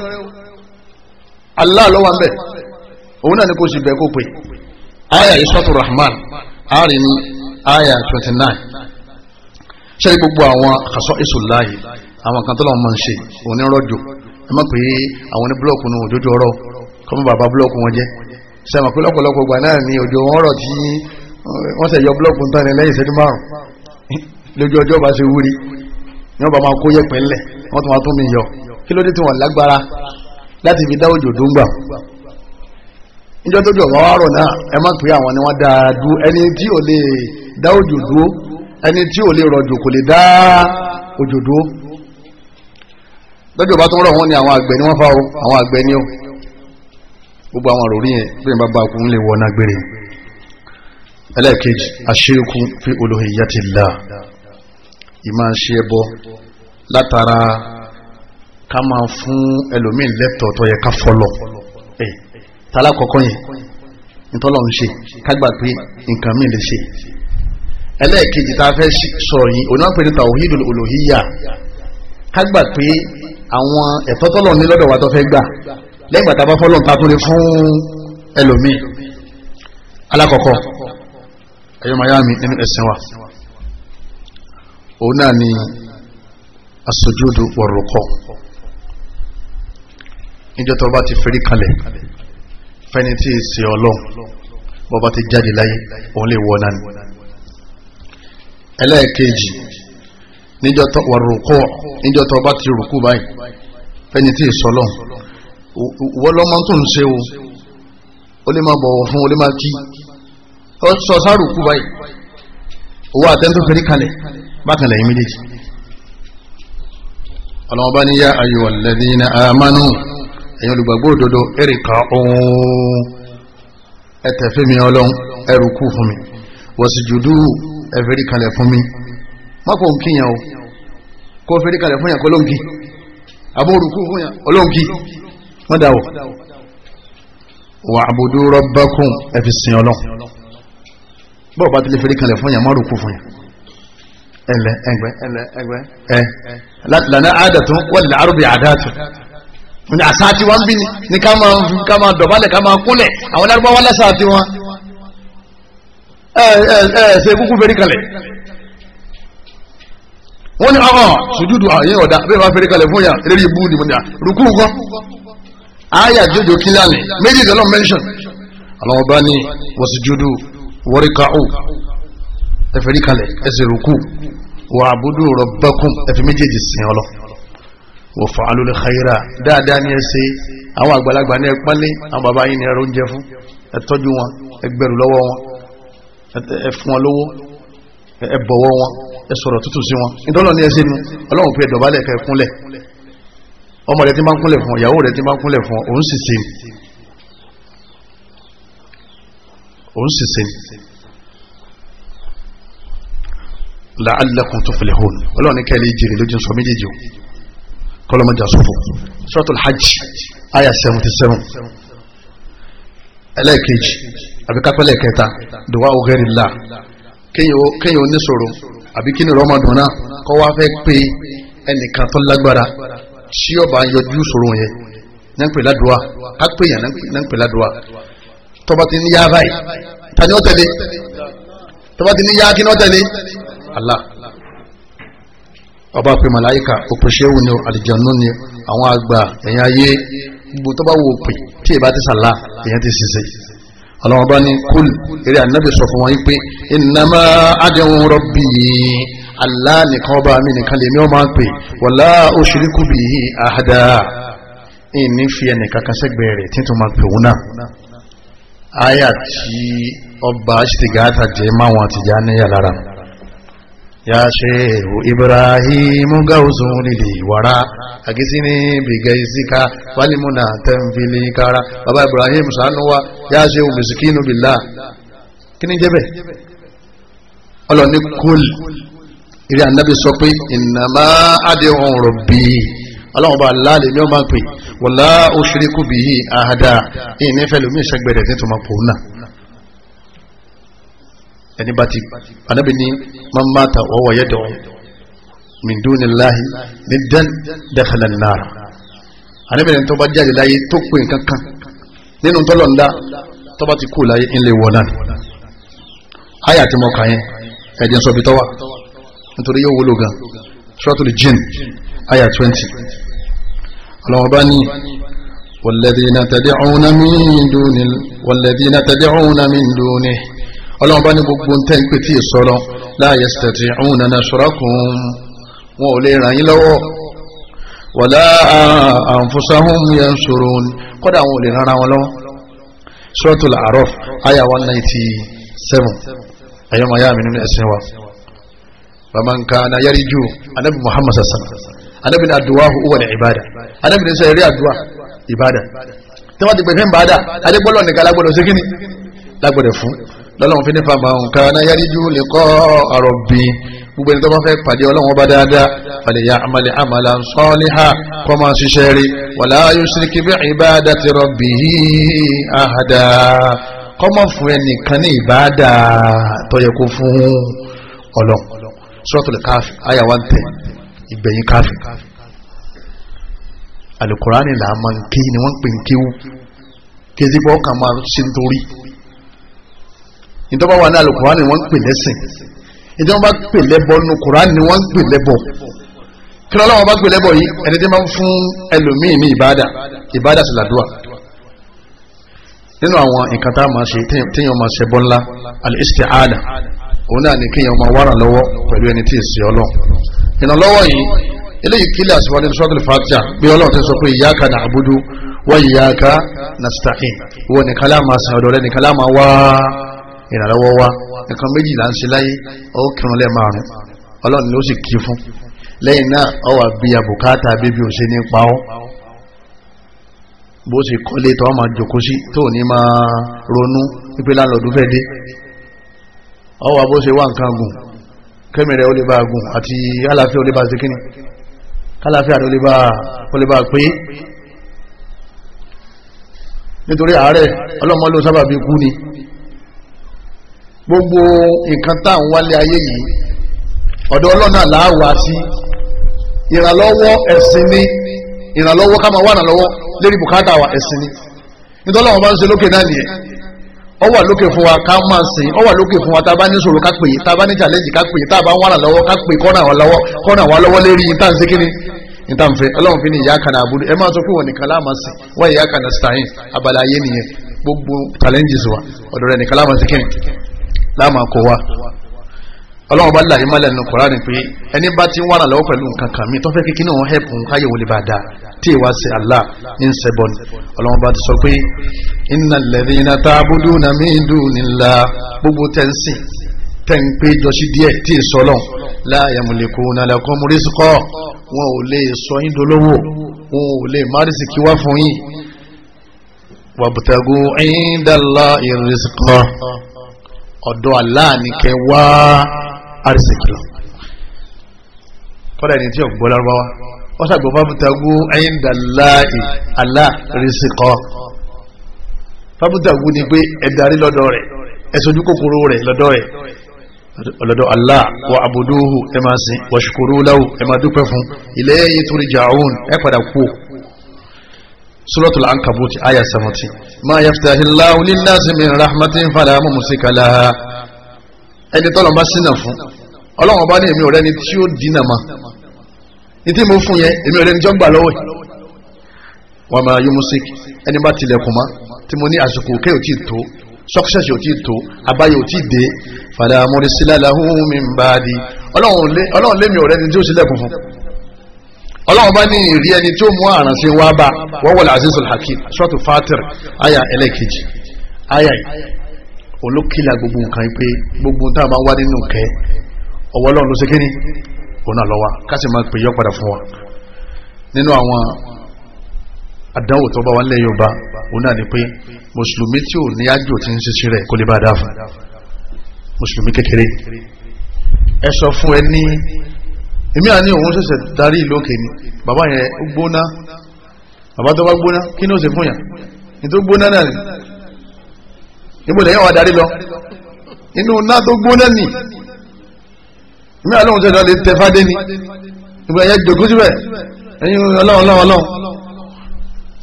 Allah ló wà ń bẹ òun náà ni kò sì bẹ̀ kó pè aya isfatu rahman ari aya twenty nine ṣe gbogbo àwọn àkàsọ ìṣòláyè àwọn kan tó lọ́wọ́ máa ń ṣe onírọ́jò ẹ má pé àwọn ní búlọ́ọ̀kù ní òjòjò ọ̀rọ̀ kọ́mọ bàbá búlọ́ọ̀kù wọn jẹ́ ṣe àmọ́ pé lọ́pọ̀lọpọ̀ gbà náà ni òjò wọn rọ̀ tí wọ́n ṣe yọ búlọ́ọ̀kù ń tánilẹ́ ìṣẹ́jú márùn lójú ọjọ́ bá ṣe wúri ni wọ́n bá máa kó yẹ̀pẹ̀ ńlẹ̀ wọ́n tún máa tún mi yọ kí ló dé tí wọ́n lágbára láti fi dá òjò tó ń gbà níjọ́ tó jọ̀ wọ́n wá rọ̀ náà ẹ má pé àwọn ni wọ́n dáa du ẹni tí ò lè dá òjò dúró ẹni tí ò lè rọ̀jò kò lè dá òjò lọ́jọ́ bá tó rọ̀ wọ́n ni àwọn àgbẹ̀ ni wọ́n fa o àwọn àgbẹ̀ ni o gbogbo àwọn àròrí yẹn bí ìbá bá kún lè wọ náà gbére ẹlẹ́ẹ̀kejì àṣírikú fi uluhiyyatillah ìmá ṣe ẹbọ látara ká máa fún ẹlòmíín lẹ́tọ̀ tó yẹ ká fọlọ̀ ẹ̀ tàlákọ̀ọ́kọ́ yẹn nítọ́lọ́ ń ṣe ká pé nǹkan míì lè ṣe ẹlẹ́ẹ̀kejì tá a fẹ́ sọ̀rọ̀ yìí òní wọ́n pè ní tawhidul uluhiyya ká gbà pé àwọn ẹ̀tọ́ tọ́lọ̀ ní lọ́dọ̀ wa tó fẹ́ gbà lẹ́gbà tá a bá fọ́lọ́ ta tó lè fún ẹlòmíì alákọ̀ọ́kọ́ ayọ́mayámi nínú ẹ̀sìn wa òun náà ni as-sujudu war-ruku níjọ́ tó bá ti fẹ́rí kalẹ̀ fẹ́ni tí ì sí ọlọ́run bọ́ bá ti jáde láyé òun lè wọ náà ni ẹlẹ́ẹ̀kejì níjọ́ tó wà rúkú níjọ́ tó bá ti rúkú báyìí fẹ́ni tí ì sọ́lọ́ wọ́n lọ́mọ tó ń ṣe o ó lè máa bọ̀wọ̀ fún ó lè máa kí ó sọ sárùkú báyìí owó àtẹ́ntò fẹ́rí kalẹ̀ bákanlẹ̀ yìí méjèèjì ọlọ́wọ́ bá ní yá ayyuhal ladhina amanu ẹ̀yin olùgbàgbọ́ òdodo ẹ̀ríkà ọ̀hún ẹ̀tẹ̀fẹ́mi ọlọ́run ẹ̀rùkú fún mi wasjudu ẹ fẹ́rí kalẹ̀ fún mi mọ́kò ń kíyàn o kó fẹ́rí kalẹ̀ fún yàn kó lóǹkì àbórúkú fún yàn olóǹkì wọ́n dà o wà àbùdó rọ́bákùn ẹ fi sìn ọlọ́ bọ́ọ̀ bá ti lè fẹ́rí kalẹ̀ fún yàn márùkú fún yàn ẹlẹ ẹgbẹ ẹlẹ ẹgbẹ ẹ lànà àdàtún wọ́n lè àrùbí àdàtún ní àṣà àti wọn bí ní ká máa dọ̀bálẹ̀ ká máa kúnlẹ̀ àwọn lárúbáwá lẹ́sà àti wọn ẹ̀ẹ̀ṣẹ̀ kúkú fẹ́rí kalẹ̀ wọ́n ní ọ̀hún sùjúdù àyè ah, ọ̀dà bẹ́ẹ̀ bá fẹ́rí kalẹ̀ fún yà lérí ibú ni mo ní à rúkú nǹkan àyà jòjò kílà ni méjì ìdọ́lọ́ mẹ́ńṣọ̀n àwọn ọba ní wọ́sùjúdù wọ́ríkàù ẹ̀fẹ̀rí kalẹ̀ ẹ̀ṣẹ̀ rúkú wà àbúdù rabbakum ẹ̀fẹ̀ méjèèjì sìn ọlọ́ wọ́n fa alólè xayira dáadáa ní ẹsẹ̀ àwọn àgbàlagbà ní ẹ̀pánlé àwọn lọ́wọ́ wọn ẹ fún wọn lówó ẹ bọ̀wọ̀ wọn ẹ sọ̀rọ̀ tútù sí wọn ìdọ́lọ́ ní ẹsẹ̀ ni ọlọ́run fi ẹ̀dọ̀bálẹ̀ kẹ́ kúnlẹ̀ ọmọ rẹ ti máa ń kúnlẹ̀ fún ìyàwó rẹ ti máa ń kúnlẹ̀ fún òun sì se òun sì se la'allakum tuflihun ọlọ́run ní kẹ́lẹ́ ìjìrì lójú sọ méjèèjì o kọ́lọ́mọjà sọ́fọ́ suratul hajj aya seventy ẹlẹ́ẹ̀kejì àbí kápẹ́lẹ̀ kẹta dùwà ògẹ́rìlá kéèyàn oníṣòro àbí kí ni rọ́mọdún náà kọ́ wá fẹ́ pé ẹnìkan tó lágbára tí ọba yọjú ṣòro yẹn ní ń pè ládùúwà á pè yàn ní ń pè ládùúwà tọba ti ní yá báyìí ta ni ó tẹ̀lé tọba ti ní yá kí ni ó tẹ̀lé Allah ọba pé màláyíkà òpèsèwò ni àlìjànú ni àwọn àgbà ẹ̀yìn ayé gbogbo tọba wò pè tí ì bá ti sàlá ẹ̀yìn ti ṣiṣẹ́ ọlọ́run bá ní kúl eré ànábì sọ fún wọn yìí pé innama ad'u rabbi Allah nìkan ọba mi nìkan lèmi ọ máa ń pè wala ushriku bihi ahada ìní fi ẹnìkan kan sẹ́gbẹ̀ẹ́ rẹ̀ tí tó máa pè òun náà àyà tí ọba ṣìtìgáàtà jẹ́ máwọn àtijọ́ níyà lára. يا شيخ إبراهيم غوث للورى أكسني بجيزك والمنى تنفلي كرى بابا إبراهيم سانوا يا شيخ مسكين بالله كني جبه الله نقول ìrìn ànábì sọ pé ìnàmá àdéhùn rọ̀bì ọlọ́run bá láàlẹ̀ ní ọmọ pé wọ́lá òṣèré kù bí i àhádà ìnífẹ̀lómi ìṣẹ́gbẹ̀rẹ̀ nítorí ọmọ pòun náà ẹni bá ti anábì ní máa ń máta ọwọ́ yẹ́dọ̀ min dunillahi ní dẹ́n dakhala an-nar anábì ní tó bá jáde láyé tó pè kankan nínú tọ́lọ̀ ńlá tó bá ti kú láyé ńlẹ̀ wọ̀ náà ayé àti mọ̀ọ́kà yẹn ẹ̀jẹ̀ ń sọ bí tọ́wà nítorí yóò wúlò gan suratul jinn aya 20 ọlọ́wọ́ bá ní والذين تدعون من دونه والذين تدعون من دونه ọlọ́run bá ní gbogbo ń tẹ́ ń pè tí ì sọ̀rọ̀ la yastati'una nasrakum wọn ò lè ràn yín lọ́wọ́ wala anfusahum yansurun kọ́dà wọn ò lè ràn wọn lọ́wọ́ suratul A'raf aya one ninety seven ẹ̀yọ́mọ̀ ayá mi nínú ẹ̀sìn wa faman kana yarju anabi muhammad sassan anabi ní aduwahu huwa ní ibada anabi ní sẹ́yẹ̀rí aduwa ibada tí ti pè fún ibada adégbọ́lọ́ nìkan lágbọ́dọ̀ sí kíni lágbọ́dọ̀ fún lọ́lọ́run fi ní fama nǹkan náà yáríjú lè kọ́ ọ̀rọ̀ bí gbogbo ẹni tó bá fẹ́ pàdé ọlọ́run ọba dáadáa fàlẹ̀ ya amali amala sọ́ọ́líhà kọ́ máa ṣiṣẹ́ rí wàlá yóò ṣe kí bí ìbáàdà ti rọ bí àhàdà kọ́ máa fún ẹnìkan ní ìbáàdà tó yẹ kó fún ọlọ́run suratul káfí àyà wá ń tẹ̀ ìgbẹ̀yìn káfí alukurani làá máa ń ké ni wọ́n ń pè ń kéwú kézí bọ́ máa ṣe ń torí ìtọ́ba wà ní alukurani wọ́n ń pè lẹ́sìn ìtọ́ba bá pè lẹ́bọ nu kurani ni wọ́n ń pè lẹ́bọ kílọ̀ làwọn bá pè lẹ́bọ yìí ẹni tí máa ń fún ẹlòmíì ní ìbáàdà ìbáàdà sì làdúà nínú àwọn nǹkan tá a máa ṣe téèyàn máa ṣe bọ́nlá al-isti'ana òun náà ni kéèyàn máa wára lọ́wọ́ pẹ̀lú ẹni tí ì sí ọlọ́run ìrànlọ́wọ́ yìí eléyìí kílẹ̀ àṣewọ́n nínú sọ́tò fàtíà bí ọlọ́run ti sọ pé iyyaka na'budu wa iyyaka nasta'in ìwọ nìkan láà máa sàn ọ̀dọ̀ rẹ nìkan láà máa wá ìrànlọ́wọ́ wa nǹkan méjì là ń ṣe láyé ó kírun lẹ́ẹ̀márùn ọlọ́run ló sì kí fún lẹ́yìn náà ọ wà bí abùkátà bíbí ò ṣe ní pa ọ́ bó ṣe kọ́lé tó máa jòkó sí tó ní máa ronú wípé láńlọ́dún fẹ́ dé ọ wà bó ṣe wá nǹkan gùn kẹ́mìrẹ́ ó lè bá gùn àti aláfẹ́ ó lè bá ṣe kíni kálàfẹ́ ó lè bá pé nítorí àárẹ̀ ọlọ́mọ ló kú ni gbogbo nǹkan tá à ń wálé ayé yìí ọ̀dọ̀ ọlọ́nà làáwà sí ìrànlọ́wọ́ ẹ̀sìn ni ìrànlọ́wọ́ ká máa wà lọ́wọ́ lérí bùkátà wa ẹ̀sìn ni nítorí àwọn bá ń ṣe lókè náà nìyẹn ó wà lókè fún wa ká máa sìn ó wà lókè fún wa tá a bá ní ṣòro ká pè tá a bá ní challenge ká pè tá a bá wa lọ́wọ́ kọ́nà wa lọ́wọ́ lérí gbogbo challenges láàmà kó wa ọlọ́run bá láyé mọ́lẹ̀ nínú kọ́ra ni pé ẹni bá ti ń wàrà lọ́wọ́ pẹ̀lú nǹkan kan mi tó fẹ́ kékeré wọn hẹ́pù ń káyẹ̀wò lè bá a dáa tí ìwà sí Allah ní ń sẹ́bọ̀ ni ọlọ́run bá ti sọ pé innal ladhina ta'buduna min dunillah gbogbo tẹ́ǹsì tẹ́ǹpé jọsí díẹ̀ tí ì sọ́lọ̀ la yamlikuna lakum rizqa wọn ò lè sọ yín dolówó wọn ò lè má rìsíkí wá fún yín ọ̀dọ̀ Allah ni kẹ wá àrísìkì lọ kọ́dà ẹni tí ò gbọ́ lárúbáwá wọ́n ṣàgbọ́ fábútagú ayéǹdàláì aláàrísìkọ́ fábútagú ni pé ẹ̀darí lọ́dọ̀ rẹ̀ ẹ̀sọ́jú kòkòrò rẹ̀ lọ́dọ̀ rẹ̀ ọ̀lọ́dọ̀ Allah wa abuduhu ẹ máa sìn wa shukuru lahu ẹ máa dúpẹ́ fún ilayhi turja'un ẹ padà kú suratul ankabut aya seventy ma yaftahillahu linnasi min rahmatin fala mumsika laha ẹni tọ́lọ̀ bá sínà fún ọlọ́run ọba ní èmi ọ̀rẹ́ ni tí ó dínà ma ní tí mo fún yẹn èmi ọ̀rẹ́ ni jọ́gbà lọ́wọ́ wa ma yumsik ẹni bá tilẹ̀kùn ma tí mo ní àsìkò òkè ò tí tó sọ́kṣẹ́ṣì ò tí tó abáyé ò tí dé fala mursila lahu min ba'di ọlọ́run lémi ọ̀rẹ́ ni tí ó sílẹ̀kùn fún ọlọ́run bá ní ìrí ẹni tí ó mú àránṣẹ́ wá bá wọ́n wọlé azizul hakim sọ́ọ̀tù fatir aya ẹlẹ́kejì aya olókìlà gbogbo nǹkan pé gbogbo tá a máa wá nínú kẹ ọwọ́ ọlọ́run ló ṣe kíni òun náà lọ́wọ́ ká sì máa pè yọ padà fún wa nínú àwọn àdánwò tó bá wà nílẹ̀ Yorùbá òun náà ni pé mùsùlùmí tí ò ní ájò tí ń ṣiṣẹ́ rẹ̀ kó lè bá a dáa mùsùlùmí kékeré ẹ sọ fún ẹ ní èmi àní òun ṣẹ̀ṣẹ̀ darí ìlókè ni bàbá yẹn ó gbóná bàbá tó bá gbóná kí ni ó ṣe fún yàn nítorí gbóná náà ni níbo lẹ́yìn wa darí lọ inú ná tó gbóná ni èmi àní òun ṣẹ̀ṣẹ̀ lè tẹ fádé ni ìgbà yẹn jòkó síbẹ̀ ẹ̀yin ọlọ́run ọlọ́run ọlọ́run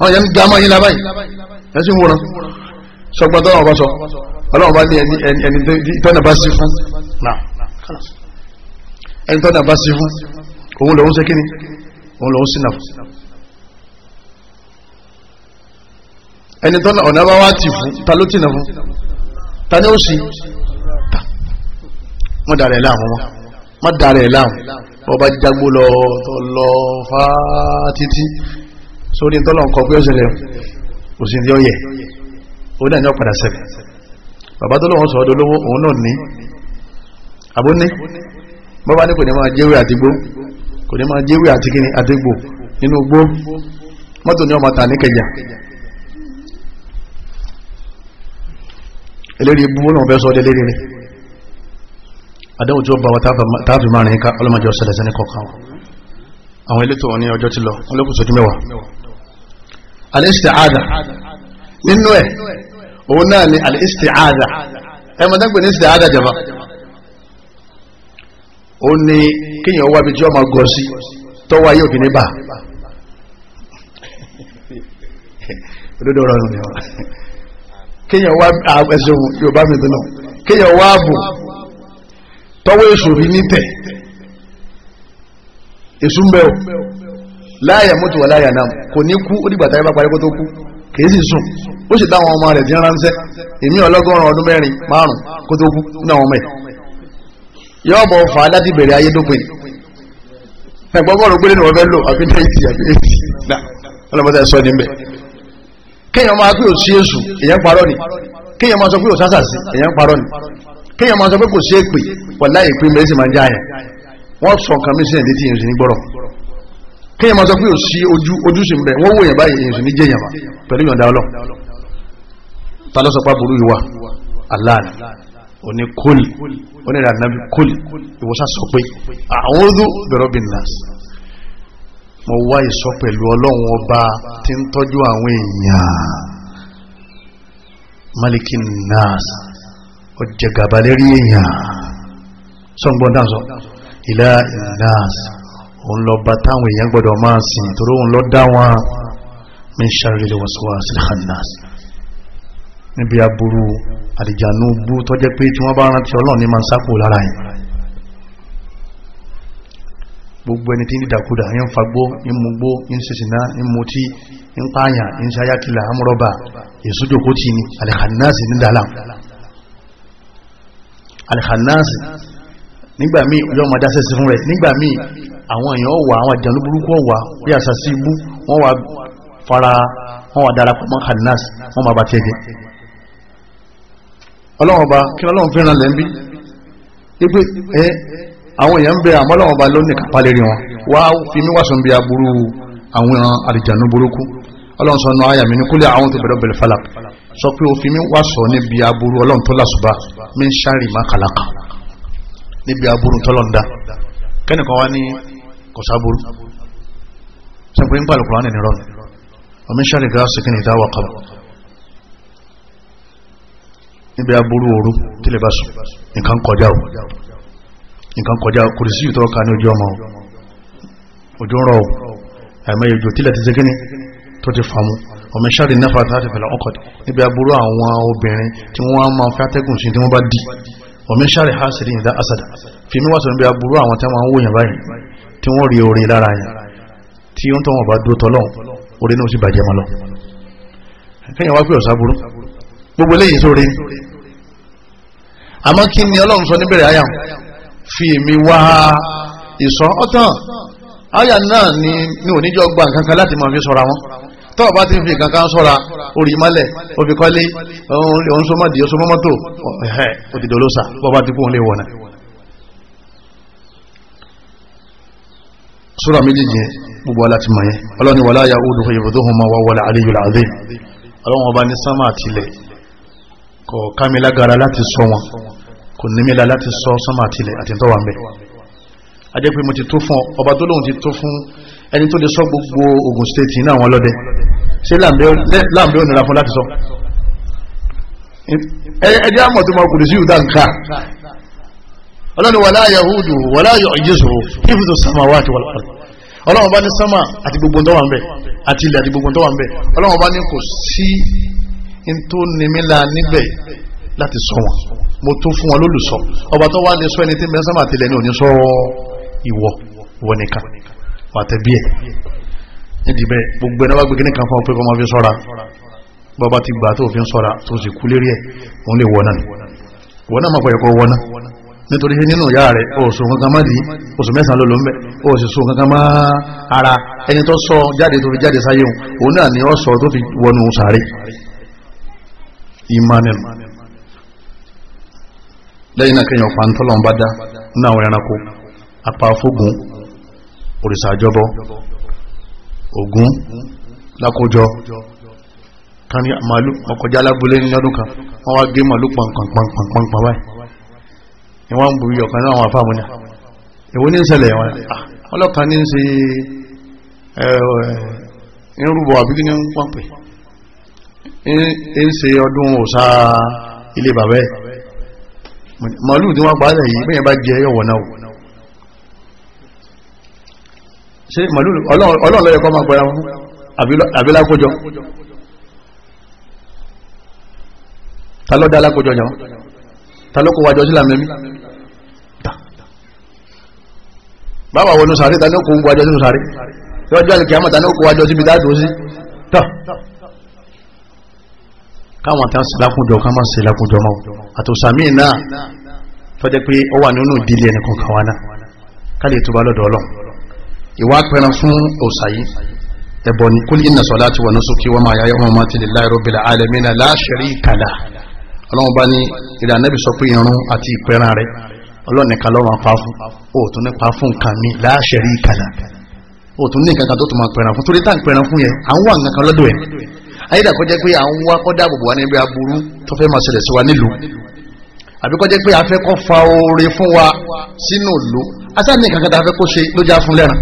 wọn yẹn ń ga mọ́ yín lábá yìí ẹ̀ sì ń wòran sọgbọ́n tó ọlọ́run bá sọ ọlọ́run bá ní ẹni tọ́nà bá sí fún náà ẹni tọ́nà bá sí fún òun lòun ṣe kíni òun lòun sínà fún ẹni tọ́nà ọ̀nà bá wá tì fún ta ló tìnà fún ta ni ó sì ta mọ́ dàrẹ̀ láàmú wọn mọ́ dàrẹ̀ láàmú ọba jíjágbó lọ lọ fá títí sórí tọ́lọ̀ nǹkan pé ó ṣẹlẹ̀ òsì ní ọyẹ ó náà ní ọ̀padà ṣẹlẹ̀ bàbá tó lọ́wọ́ sọ̀ọ́dọ̀ lówó òun náà ní àbó bàbá ní kò ní máa jẹ́wé àti gbó kò ní máa jẹ́wé àti kíni àti gbò nínú gbó mọ́tò ní ọmọ tà ní kẹjà eléri ibú náà fẹ́ sọ ọdẹ lérí rẹ̀ àdéhùn tí ó bá wa táàfì máa rìn ká ọlọ́mọdé ọ̀sẹ̀ ní kọ̀ọ̀kan àwọn elétò wọn ní ọjọ́ ni al-isti'adha ẹ̀mọ̀tẹ́gbẹ̀ ní isti'adha jẹba ó ní kíyàn wábi tí ó máa gọ sí òbí níbà olódò rọrùn ni ọ̀rọ̀ kíyàn wá ẹ̀sùn yorùbá mi tó náà kíyàn wá bù tọ́wọ́ èṣù rí ní tẹ̀ èṣù ń bẹ o láàyè mọ́tò wà láàyè náà kò ní kú ó dìgbà táyé bá parí kó tó kú kìí sì sùn ó sì táwọn ọmọ rẹ̀ dín ránṣẹ́ èmi ọlọ́gọ́rùn-ún ọdún mẹ́rin márùn-ún kó tó kú ní àwọn ọmọ ẹ̀ yọ bọ̀ fà á láti bẹ̀rẹ̀ ayé lópin ẹ̀gbọ́n bọ̀ rò pé nínú ọ̀fẹ́ lò àfi náìtì àfi èsì náà ọlọ́mọdé sọ níbẹ̀ kéèyàn máa pé ò sí èṣù èèyàn parọ́ ni kéèyàn máa sọ pé ò sásàsì èèyàn parọ́ ni kéèyàn máa sọ pé kò sí èpè wàlá ìpín mẹ́sì máa já yẹn wọ́n sọ nǹkan mi sílẹ̀ létí èèyàn ní gbọ́rọ̀ kéèyàn máa sọ pé ò ojú ojú sì ń bẹ wọ́n wò yẹn báyìí èèyàn ní jẹ́yàn mà pẹ̀lú oní kólì onírà nàbí kólì ìwọ́sà sọ pé a'udhu birabbin nas mo wá ìsọ pẹ̀lú ọlọ́run ọba tí ń tọ́jú àwọn èèyàn malikin nas ọjẹ́ gàbà lérí èèyàn sọ́ngbọ́n dáńsọ ilá nas òun lọ bá táwọn èèyàn gbọ́dọ̀ máa sìn torí òun lọ dá wọn min sharril waswasil khannas níbi aburú àdìjànú bú tó jẹ́ pé tí wọ́n bá rántí ọlọ́run ní ma ń sápò lára yìí gbogbo ẹni tí ń dìdàkudà ń fagbó ń mugbó ń sẹ̀sìná ń mutí ń pààyàn ń sayákìlà ń rọ́bà èsù jòkó tí ni alìhànáàsì ní dàlá alìhànáàsì nígbà míì yóò máa dáṣẹ́ sí fún rẹ̀ nígbà míì àwọn èèyàn wà àwọn àjànú burúkú wà bí àṣà sí ibú wọ́n wà fara wọ́n wà darapọ̀ mọ́ alìhànáàsì wọ́n máa bá tẹ́jẹ́ ọlọ́run ọba kí ọlọ́run fẹ́ràn lẹ́ ń bí wípé ẹ àwọn èèyàn ń bẹ àmọ́ ọlọ́run ọba ló ní kápá lérí wọn wá fi mí wàásù bí aburú àwọn ìran àlìjànú burúkú ọlọ́run sọ nù ayà mi ní kúlẹ̀ àwọn tó bẹ̀rẹ̀ bẹ̀rẹ̀ falak sọ pé òfin mi wàásù níbi aburú ọlọ́run tó làṣùbà mi ń ṣáàrì má kàlàkà níbi aburú tọ́lọ̀ ń kẹ́nìkan wá ní kọ̀sáburú sọ pé ń gbàlùkùrọ̀ níbi aburú òru tílẹ̀ bá sùn nǹkan kọjá o nǹkan kọjá kò sí ìtọ́ ká ní ojú ọmọ ojú rọ àìmọ́ ìjò tílẹ̀ ti ṣégíní tó ti fàmú ọmọ ìṣàrí náfà láti fẹ̀lẹ̀ ọkọ̀dì níbi aburú àwọn obìnrin tí wọ́n máa fẹ́ atẹ́gùn sí tí wọ́n bá dì ọmọ ìṣàrí hásìrì ìdá asàdà fi mí wá sọ níbi aburú àwọn tẹ́wọ̀n ń wòyàn báyìí tí wọ́n rí orin lára yẹn tí ó ń bá dúró tọ́lọ́ orin náà sì bàjẹ́ mọ́ lọ kẹ́yìn wá pé ọ̀sá burú gbogbo eléyìí sóore ni àmọ́ kí ni ọlọ́run sọ níbẹ̀rẹ̀ àyà fi èmi wá ìsọ ọ̀tàn àyà náà ni mi ò níjọ́ gba nǹkan kan láti máa fi sọ̀ra wọn tó o bá ti fi nǹkan kan sọ̀ra orí ìmọ̀lẹ̀ òfi kọ́lé òun sọmọdì òun sọmọmọ́tò ẹ̀hẹ́ òdìdó ló sà bọ́ ti kú òun lè wọ̀nà. sura méjèèjì gbogbo aláti mọ̀ yẹn ọlọ́ni wàlá ya'uduhu hifdhuhuma wa huwa al-'aliyyul 'azim ọlọ́run ọba ní sánmà àtìlẹ̀ kò kámi lágara láti sọ wọn kò ní mi la láti sọ sánmà àtìlẹ̀ àti tó wà ń bẹ̀ ajẹ́ pé mo ti tó fún ọba tó lóun ti tó fún ẹni tó lè sọ gbogbo Ogun State ní àwọn ọlọ́dẹ ṣé láàbẹ̀ ònira fún láti sọ ẹjẹ́ àmọ̀ tó máa kùrù ìdá nǹkan ọlọ́ni wà láàyè húdù wà láàyè ọ̀yẹ́sù kífùtù sánmà àti wàlúwàlú ọlọ́run bá ní sánmà àti gbogbo tó wà ń bẹ̀ àti àti gbogbo tó wà ń bẹ̀ ọlọ́run bá ní kò sí n tó nimila níbẹ̀ láti sọ wọn mo tó fún wọn lólùsọ ọba tó wá lè sọ ẹni tí mẹsàn máa tilẹ̀ ní òní sọ ìwọ ìwọ nìkan pàtẹ́bí ẹ̀ nídi bẹ́ẹ̀ gbogbo ẹ̀nà bá gbé kíní kan fún ọpẹ́ kọmọ fi sọ́ra bọ́bá ti gbà tó fi ń sọ́ra tó sì kú lérí ẹ̀ òun lè wọ́nà ni wọ́nà máa pẹ̀yẹ̀kọ́ wọ́nà nítorí ṣe nínú ìyá rẹ̀ oṣù kankan má dìí oṣù mẹ́sàn-án ló oṣù sọ kankan má ara ẹni tó sọ jáde tó fi jáde sáyé òun náà ni ó sọ tó fi wọnú sàárè ìmánìlù lẹ́yìn náà kẹyàn pa ntọ́lọ́n bá dá ní àwọn ẹranko apáfógún òrìṣà àjọbọ ògún lákójọ kárí màálù ọkọjá alábúlé ní ọdún kan wọ́n wá gé màálù pàǹpàǹpàǹpàǹpàǹpà báyìí ni wọ́n ń bu iyọ̀ kan ní àwọn afáàmù ní èwo ní ìṣẹ̀lẹ̀ wọn ọlọ́kan ní ń ṣe ẹ̀rọ àbíkí ní ń pàǹpẹ̀ ń ṣe ọdún òsà ilé bàbẹ́ màálù tí wọ́n pàálẹ̀ yìí bẹ́yẹn bá jẹ yọ̀wọ̀ náà ṣe màálù ọlọ́run lọ́yẹ̀ kọ́ máa pẹ́ra fún àbílákójọ ta ló dá alákójọ yàn ta ló kó wájọ sí làmẹ́mí bàbá wọnú sàárè ta ní òkú wájọ sí sàárè yọjọ́ àlùkìyàmọ̀ ta ní òkú wájọ síbi dáàdó káwọn tán sí lákúnjọ ká máa sí lákúnjọ máa àtòsàmì náà tọ́jẹ́ pé ó wà nínú ìdílé ẹnìkan kàwá náà ká lè túbá lọ́dọ̀ ọlọ́run ìwà pẹran fún òsà yìí ẹbọ ni kul inna salati wa nusuki wa mahyaya wa mamati lillahi rabbil alamin la sharika lahu ọlọ́run bá ní ìdá nẹ́bí sọ pé irun àti ìpẹran rẹ̀ ọlọ́run nìkan lọ́run la sharika lahu òòtún ní nǹkan kan tó tún máa pẹran fún torí ayédà kó jẹ́ pé à ń wá kó dáàbò bò wá níbi aburú tó fẹ́ máa ṣẹlẹ̀ sí wa nílùú àbí kó jẹ́ pé a fẹ́ kó fa oore fún wa sínú ìlú asáni kankan tá a fẹ́ kó ṣe ló já fún lẹ́ràn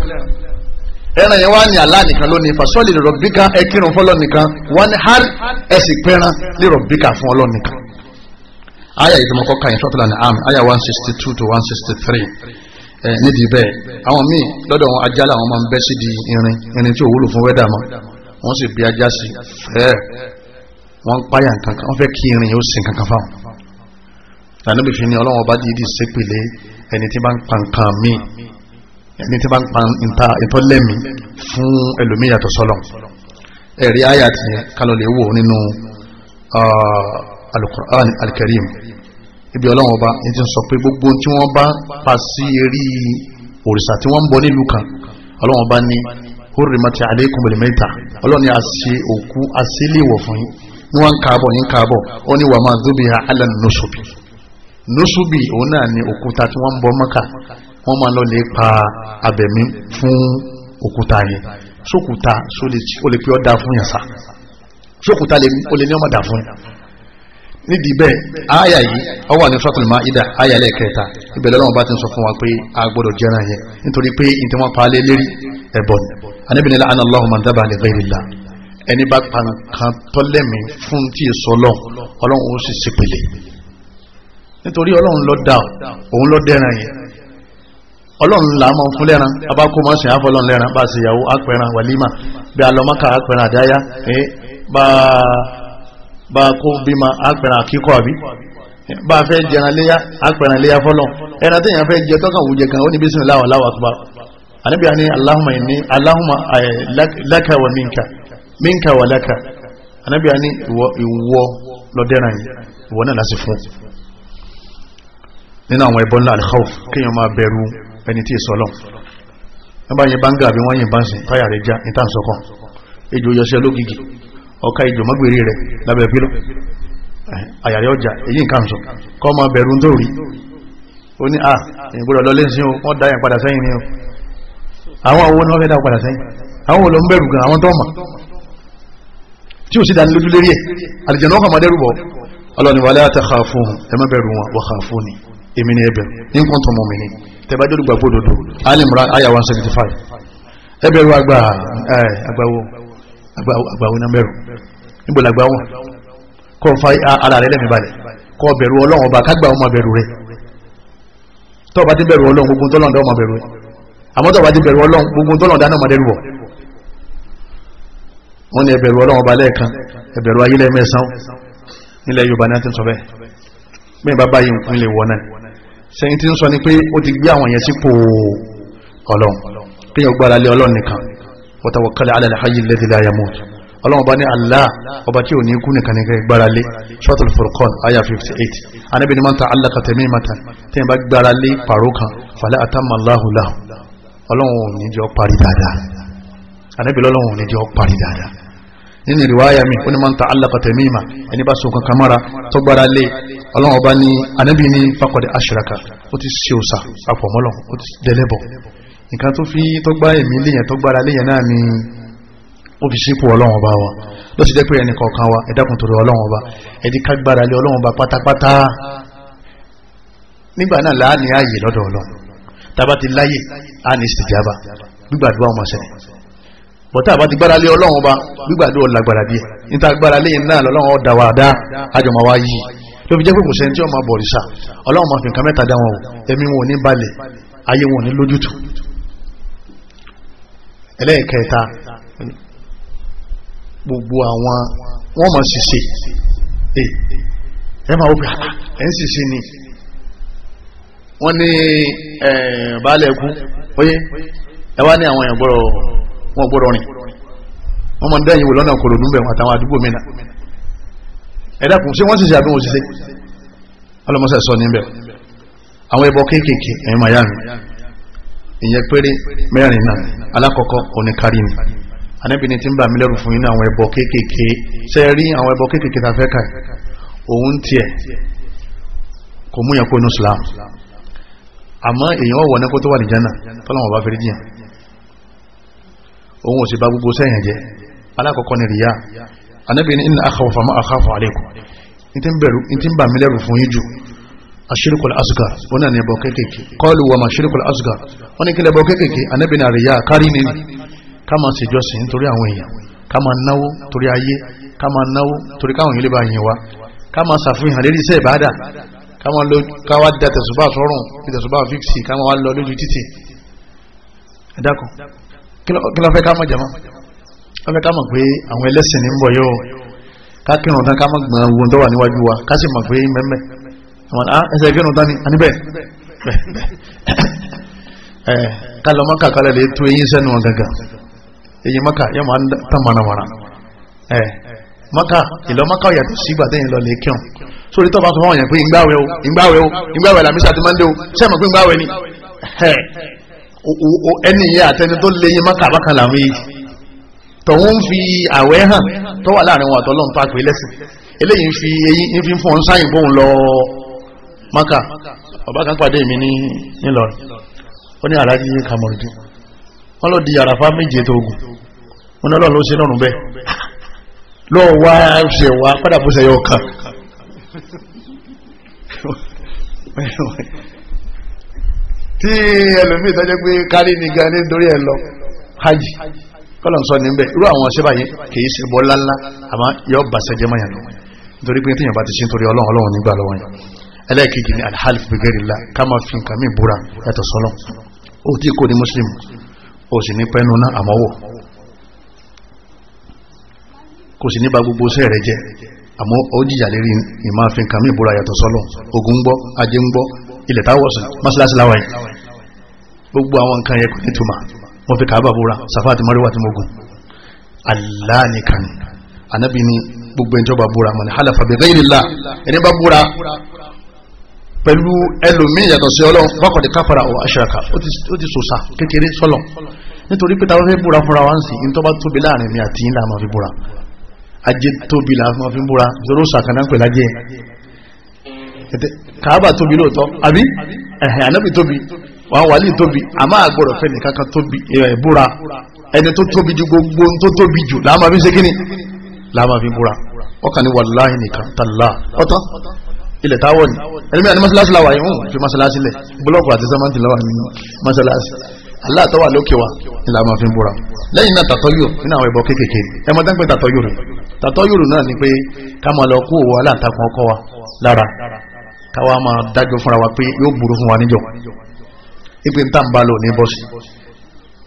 ẹran yẹn wá ní àlá nìkan lónìí fasọ́ọ̀lì lọ́rọ̀ bíkà ẹ kírun fọ́lọ́ nìkan wọ́n ní hàn ẹ̀sìn pẹ́ran lérò bíkà fún ọlọ́ aya yìí tó mọ́kọ́ ka yẹn sọ́tàlá ní am aya one sixty two to one sixty three ẹ nídìí bẹ́ẹ̀ àwọn míì lọ́dọ̀ wọn ajá làwọn máa ń bẹ́ sí di irin irin tí ò wúlò fún wẹ́dà mọ́ wọ́n sì bí ajá sí fẹ́ wọ́n ń páyà kankan wọ́n fẹ́ kí irin yóò sin kankan fáwọn lànàbì fi ni ọlọ́wọ́n bá dìídì sépèlé ẹni tí bá ń pa nǹkan mi ẹni tí bá ń pa nta ìtọ́lẹ́mì fún ẹlòmíì yàtọ̀ sọ́lọ̀ ẹ̀rí àyà ti kálọ̀ lè wò nínú alukur'an alkarim ibi ọlọ́wọ́n bá ti sọ pé gbogbo tí wọ́n bá pa sí eré òrìṣà tí wọ́n ń bọ nílùú kan ọlọ́wọ́n bá ní hurrimat alaykum almayta ọlọ́ni àṣe òkú oku asili yín ní wọ́n ń kaabọ̀ yín kaabọ̀ ó ní wà máa dúbìá alẹ́ nùsùbì nùsùbì òun náà ni oku tí wọ́n ń bọ mọ́kà wọ́n máa lọ lè pa abẹ̀mí fún òkúta yẹn sókúta ó lè pé ọ́ dá fún yẹn sá sókúta ó lè ní ọmọ dá fún yẹn nídìí bẹ́ẹ̀ àyà yìí ọ wà ní suratul Maida àyà lẹ́ẹ̀kẹta ibẹ̀ lọ́wọ́ bá ti ń sọ fún wa pé a gbọ́dọ̀ jẹ́ràn yẹn nítorí pé n tí wọ́n pa á lé lérí ẹ̀bọ̀n anábìnrin la'ana Allahu man dhabaha ẹni bá pa nǹkan fún tí èso ọlọ́run ọlọ́run ó sì nítorí ọlọ́run òun yẹn ọlọ́run là á mọ̀ fún lẹ́ran bá kó bímọ àpẹran àkíkọ àbí bá fẹ́ jẹran léyà àpẹran léyà fọlọ ẹran tí èèyàn fẹ́ jẹ tọkàn òwújẹ kan ó ní bísí láwà láwà àkùbá ànábìyà ni aláhùnmá ìní aláhùnmá lákà wà mínka mínka wà lákà ànábìyà ni ìwọ lọ́dẹ́ràn yìí ìwọ náà láti fún nínú àwọn ẹbọ ńlá alkhawf kéèyàn máa bẹ̀rù ẹni tí ìsọlọ nígbà yẹn bá ń gà bí wọ́n yìnbọn sí táyà rẹ̀ já ní tàǹsọ́kàn ejò yọṣẹ́ lógìgì ọka ìjọmọ́gbèrè rẹ̀ lábẹ́ pílọ́ àyàrí ọjà èyí nǹkan sọ kọ́ ma bẹ̀rù tó rí ó ní à ìgbọ́dọ̀ lọ lé sí wọn dá yẹn padà sẹ́yìn ni ó àwọn owó náà fẹ́ dá padà sẹ́yìn àwọn olóò ń bẹ̀rù gan àwọn tó mà tí ò sí dání lójú lérí ẹ̀ àlìjẹ̀ náà kà máa dẹ́rù bọ̀ ọlọ́ni wàlẹ́ àtàkà fún ẹ má bẹ̀rù wọn wọ́n kà fún ni èmi ni ẹbẹ̀ ní nǹkan tó mọ̀ mí ni tẹ̀bájọ́ dùgbà gbọ́dọ̀ dò alimra aya one seventy five ẹbẹ̀rù àgbà àgbàwo àgbàwo náà bẹ̀rù níbo làgbà wọn kọ́ fa ara rẹ lẹ́mìí balẹ̀ kọ́ bẹ̀rù ọlọ́run ọba kágbà ọmọ bẹ̀rù rẹ tọ́ọ̀bá ti bẹ̀rù ọlọ́run gbogbo tọ́lọ̀dá ọmọ bẹ̀rù rẹ àmọ́ tọ́ọ̀bá ti bẹ̀rù ọlọ́run gbogbo tọ́lọ̀dá náà mọ̀dẹ́rù wọ̀ wọ́n ní ẹbẹ̀rù ọlọ́run ọba lẹ́ẹ̀kan ẹbẹ̀rù ayé lẹ́ẹ̀mẹ́sàn nílẹ̀ yorùbá náà ti sọ bẹ́ẹ̀ bẹ́ẹ̀ bá báyìí ń lè wọ̀ náà sẹ́yìn tí ń sọ ni pé ó ti gbé àwọn yẹn sípò ọlọ́run kéèyàn gbára lé ọlọ́run nìkan wa tawakkal ala al-hayy alladhi la yamut ọlọ́wọ́n bá ní Allah ọba tí ò ní kú nìkan nìkan gbára lé Suratul Furqan aya 58 anábìnrin máa ń ta Allah kàtẹ́mí mata tí wọ́n bá gbára lé pàrọ̀ kan fàlẹ́ atamallahu lahu ọlọ́wọ́n ò ní jọ parí dáadáa anábìnrin ọlọ́wọ́n ò ní jọ parí dáadáa nínú ìrìwáyà mi ó ní máa ń ta Allah kàtẹ́mí ma ẹni bá so kankan mọ́ra tó gbára lé ọlọ́wọ́n ọba ní anábìnrin fakọ̀dé ashraka ó ti ṣe òsà àpọ̀mọ́lọ́ ó ti dẹ́lẹ́bọ̀ nǹkan ó fi sípò ọlọ́run ọba wa ló sì jẹ́ pé ẹnì kọ̀ọ̀kan wa ẹ̀dákun torí ọlọ́run ọba ẹ̀dí kágbára lé ọlọ́run ọba pátápátá nígbà náà láà ní ààyè lọ́dọ̀ ọlọ́run tábà ti láyè á ní ìsìtìjába gbígbàdúrà ọmọ ṣẹlẹ̀ bọ̀tá àbá ti gbára lé ọlọ́run ọba gbígbàdúrà lágbára díẹ̀ níta gbára lé náà lọ́lọ́run ọ̀dà wa dá àjọmọ̀ wa yìí ló fi jẹ́ ẹlẹ́ẹ̀kẹta gbogbo àwọn wọ́n máa ṣiṣẹ́ ẹ máa wọ́pẹ́ ah, ẹ̀ ń ṣiṣẹ́ ni wọ́n ní eh, baálẹ̀ ẹ̀kú oye, ẹ wá ní àwọn èèyàn gbọ́dọ̀ wọ́n gbọ́dọ̀ rìn wọ́n máa ń dẹ́yìn wò lọ́nà kòròdú bẹ̀rù àtàwọn àdúgbò mi náà ẹ dákun ṣé wọ́n ṣiṣẹ́ àbí wọ́n ṣiṣẹ́ sọ níbẹ̀ àwọn ẹbọ kéékèèké ẹ̀yìn màyà mi ìyẹn péré mẹ́rin náà alákọ̀ọ́kọ́ oníkárí mi anábì ni ti ń bà mí lẹ́rù fún yín ní àwọn ẹbọ kéékèèké ṣe é rí àwọn ẹbọ kéékèèké tá a fẹ́ kà yìí òun tiẹ̀ kò mú yẹn kó inú Islam àmọ́ èèyàn ọ̀wọ̀ ní kó tó wà ní jẹ́nà tọ́lọ́wọ̀n bá fẹ́rí jìyàn òun ò sì bá gbogbo sẹ́yìn jẹ́ alákọ̀ọ́kọ́ ni ríyà anábì ni inna akhafu ma akhafu alaykum ní ti ń bà mí lẹ́rù fún yín jù ashirikul asgar wọn ni ẹbọ kéékèèké qalu wa ma ashirikul wọn ni kílẹ̀ ẹbọ kéékèèké anábì ni àríyá kárí ni ka máa ṣèjọsìn nítorí àwọn èèyàn ká náwó torí ayé ká náwó torí káwọn ilé bá yìn wa ká ṣàfihàn lérí iṣẹ́ ìbáàdà ká máa lọ da tẹ̀sùbá sọ́rùn bí tẹ̀sùbá fíksì ká máa lọ lójú títì kí ló pé àwọn ní ń yóò tán tó wà níwájú wa ká sì mọ̀ pé mẹ́mẹ́ àwọn ah, ẹsẹ̀ kírun tán ni àníbẹ̀ [laughs] ká lọ mọ́ kàkálẹ̀ lè tó eyín sẹ́nu wọn èyí maka yóò máa tán mọ̀nàmọ̀nà ẹ̀ maka ìlọ maka yàtọ̀ sígbà tẹ́yìn lọ lè kíọ̀n sórí tó bá sọ fáwọn yẹn pé ìgbàwẹ̀ o ìgbàwẹ̀ o ìgbàwẹ̀ làmísà ti máa ń dé o sẹ́mi pé ìgbàwẹ̀ ni ẹni yẹn àtẹni tó lé yín maka bákan làwọn yìí tọ̀hún ń fi àwẹ̀ hàn tó wà láàrin wọn àtọ́lọ́run tó àpè lẹ́sìn eléyìí ń fi eyín ń fi fún ọ sáyìn fóun lọ maka ọba kan pàdé mi ní Ìlọrin ó ní aláàjì Kamorudin wọ́n lọ di àràfá méje tó gùn wọ́n ní ọlọ́run ló ṣe lọ́rùn bẹ́ẹ̀ lọ́ọ̀ wá ṣe wá padà bó ṣe yọ ọ̀kan tí ẹlòmíì tọ́jọ́ pé kárí ni gan nítorí ẹ lọ hajj kọ́lọ̀ ń sọ níbẹ̀ irú àwọn ṣẹ́bà yẹn kìí ṣe bọ́ lálá àmọ́ yọ bà sẹ́jẹ́ mọ́ lọ nítorí pé tíyàn bá ti ṣe nítorí ọlọ́run ọlọ́run nígbà lọ́wọ́ yẹn ẹlẹ́ẹ̀kejì ni alhalif bigeri la ká máa fi nǹkan mí búra yàtọ̀ sọ́lọ́ ó tí kò ní muslim o sì ní pẹ́nu náà àmọ́wọ̀ kò sì ní ba gbogbo iṣẹ́ rẹ̀ jẹ́ àmọ́ ó jìyà lérí ìmáàfin kàmí ìbúra yàtọ̀ sọ́lọ̀ ogun gbọ́ ajé ń gbọ́ ilẹ̀ táwọ̀sán mọ́síláṣí láwàá yìí gbogbo àwọn nǹkan yẹ kò ní túmọ̀ wọ́n fi kàábà búra sàfà àti mọ́ríwá àti mogun Allah nìkan ni anábì ni gbogbo ẹjọ́ bá búra mọ̀ ní halafa bi ghayril ẹni bá búra pẹ̀lú ẹlòmíì yàtọ̀ sí ọlọ́run fákọ̀dé káfàrà ọ̀ aṣọ́ka ó ti sòsà kékeré sọ́lọ̀ nítorí pé táwọn fẹ́ búra fúnra wá ń sì ní tó bá tóbi láàrin mi àti ìlà máa fi búra ajé tóbi là máa fi búra zoro sàkánná pè lájẹ́ kàábà tóbi lóòótọ́ àbí ẹ̀hẹ̀ ànábì tóbi wàá wàlí tóbi àmọ́ àgbọ̀dọ̀ fẹ́ nìkan kan tóbi búra ẹni tó tóbi ju gbogbo tó tóbi jù láàmà fi ṣe kíni láàmà ni wàláhì nìkan tàlá ilẹ̀ táwọ̀ ni ẹlẹ́mìí àti mọ́sálásí làwà yìí wọ́n fi mọ́sálásí lẹ̀ búlọ́ọ̀kù àti sẹ́mọ́ntì làwà nínú mọ́sálásí Allah tó wà lókè wa ilà máa fi ń búra lẹ́yìn náà tàtọ́yò nínú àwọn ẹbọ kéékèèké ẹ mọ́ dáńpẹ́ tàtọ́yò rẹ̀ tàtọ́yò rẹ̀ náà ni pé ká máa lọ kó owó aláǹtakùn ọkọ wa lára ká máa dájọ́ fúnra wa pé yóò burú fún wa níjọ́ ipe ń tà bá lò ní bọ́sì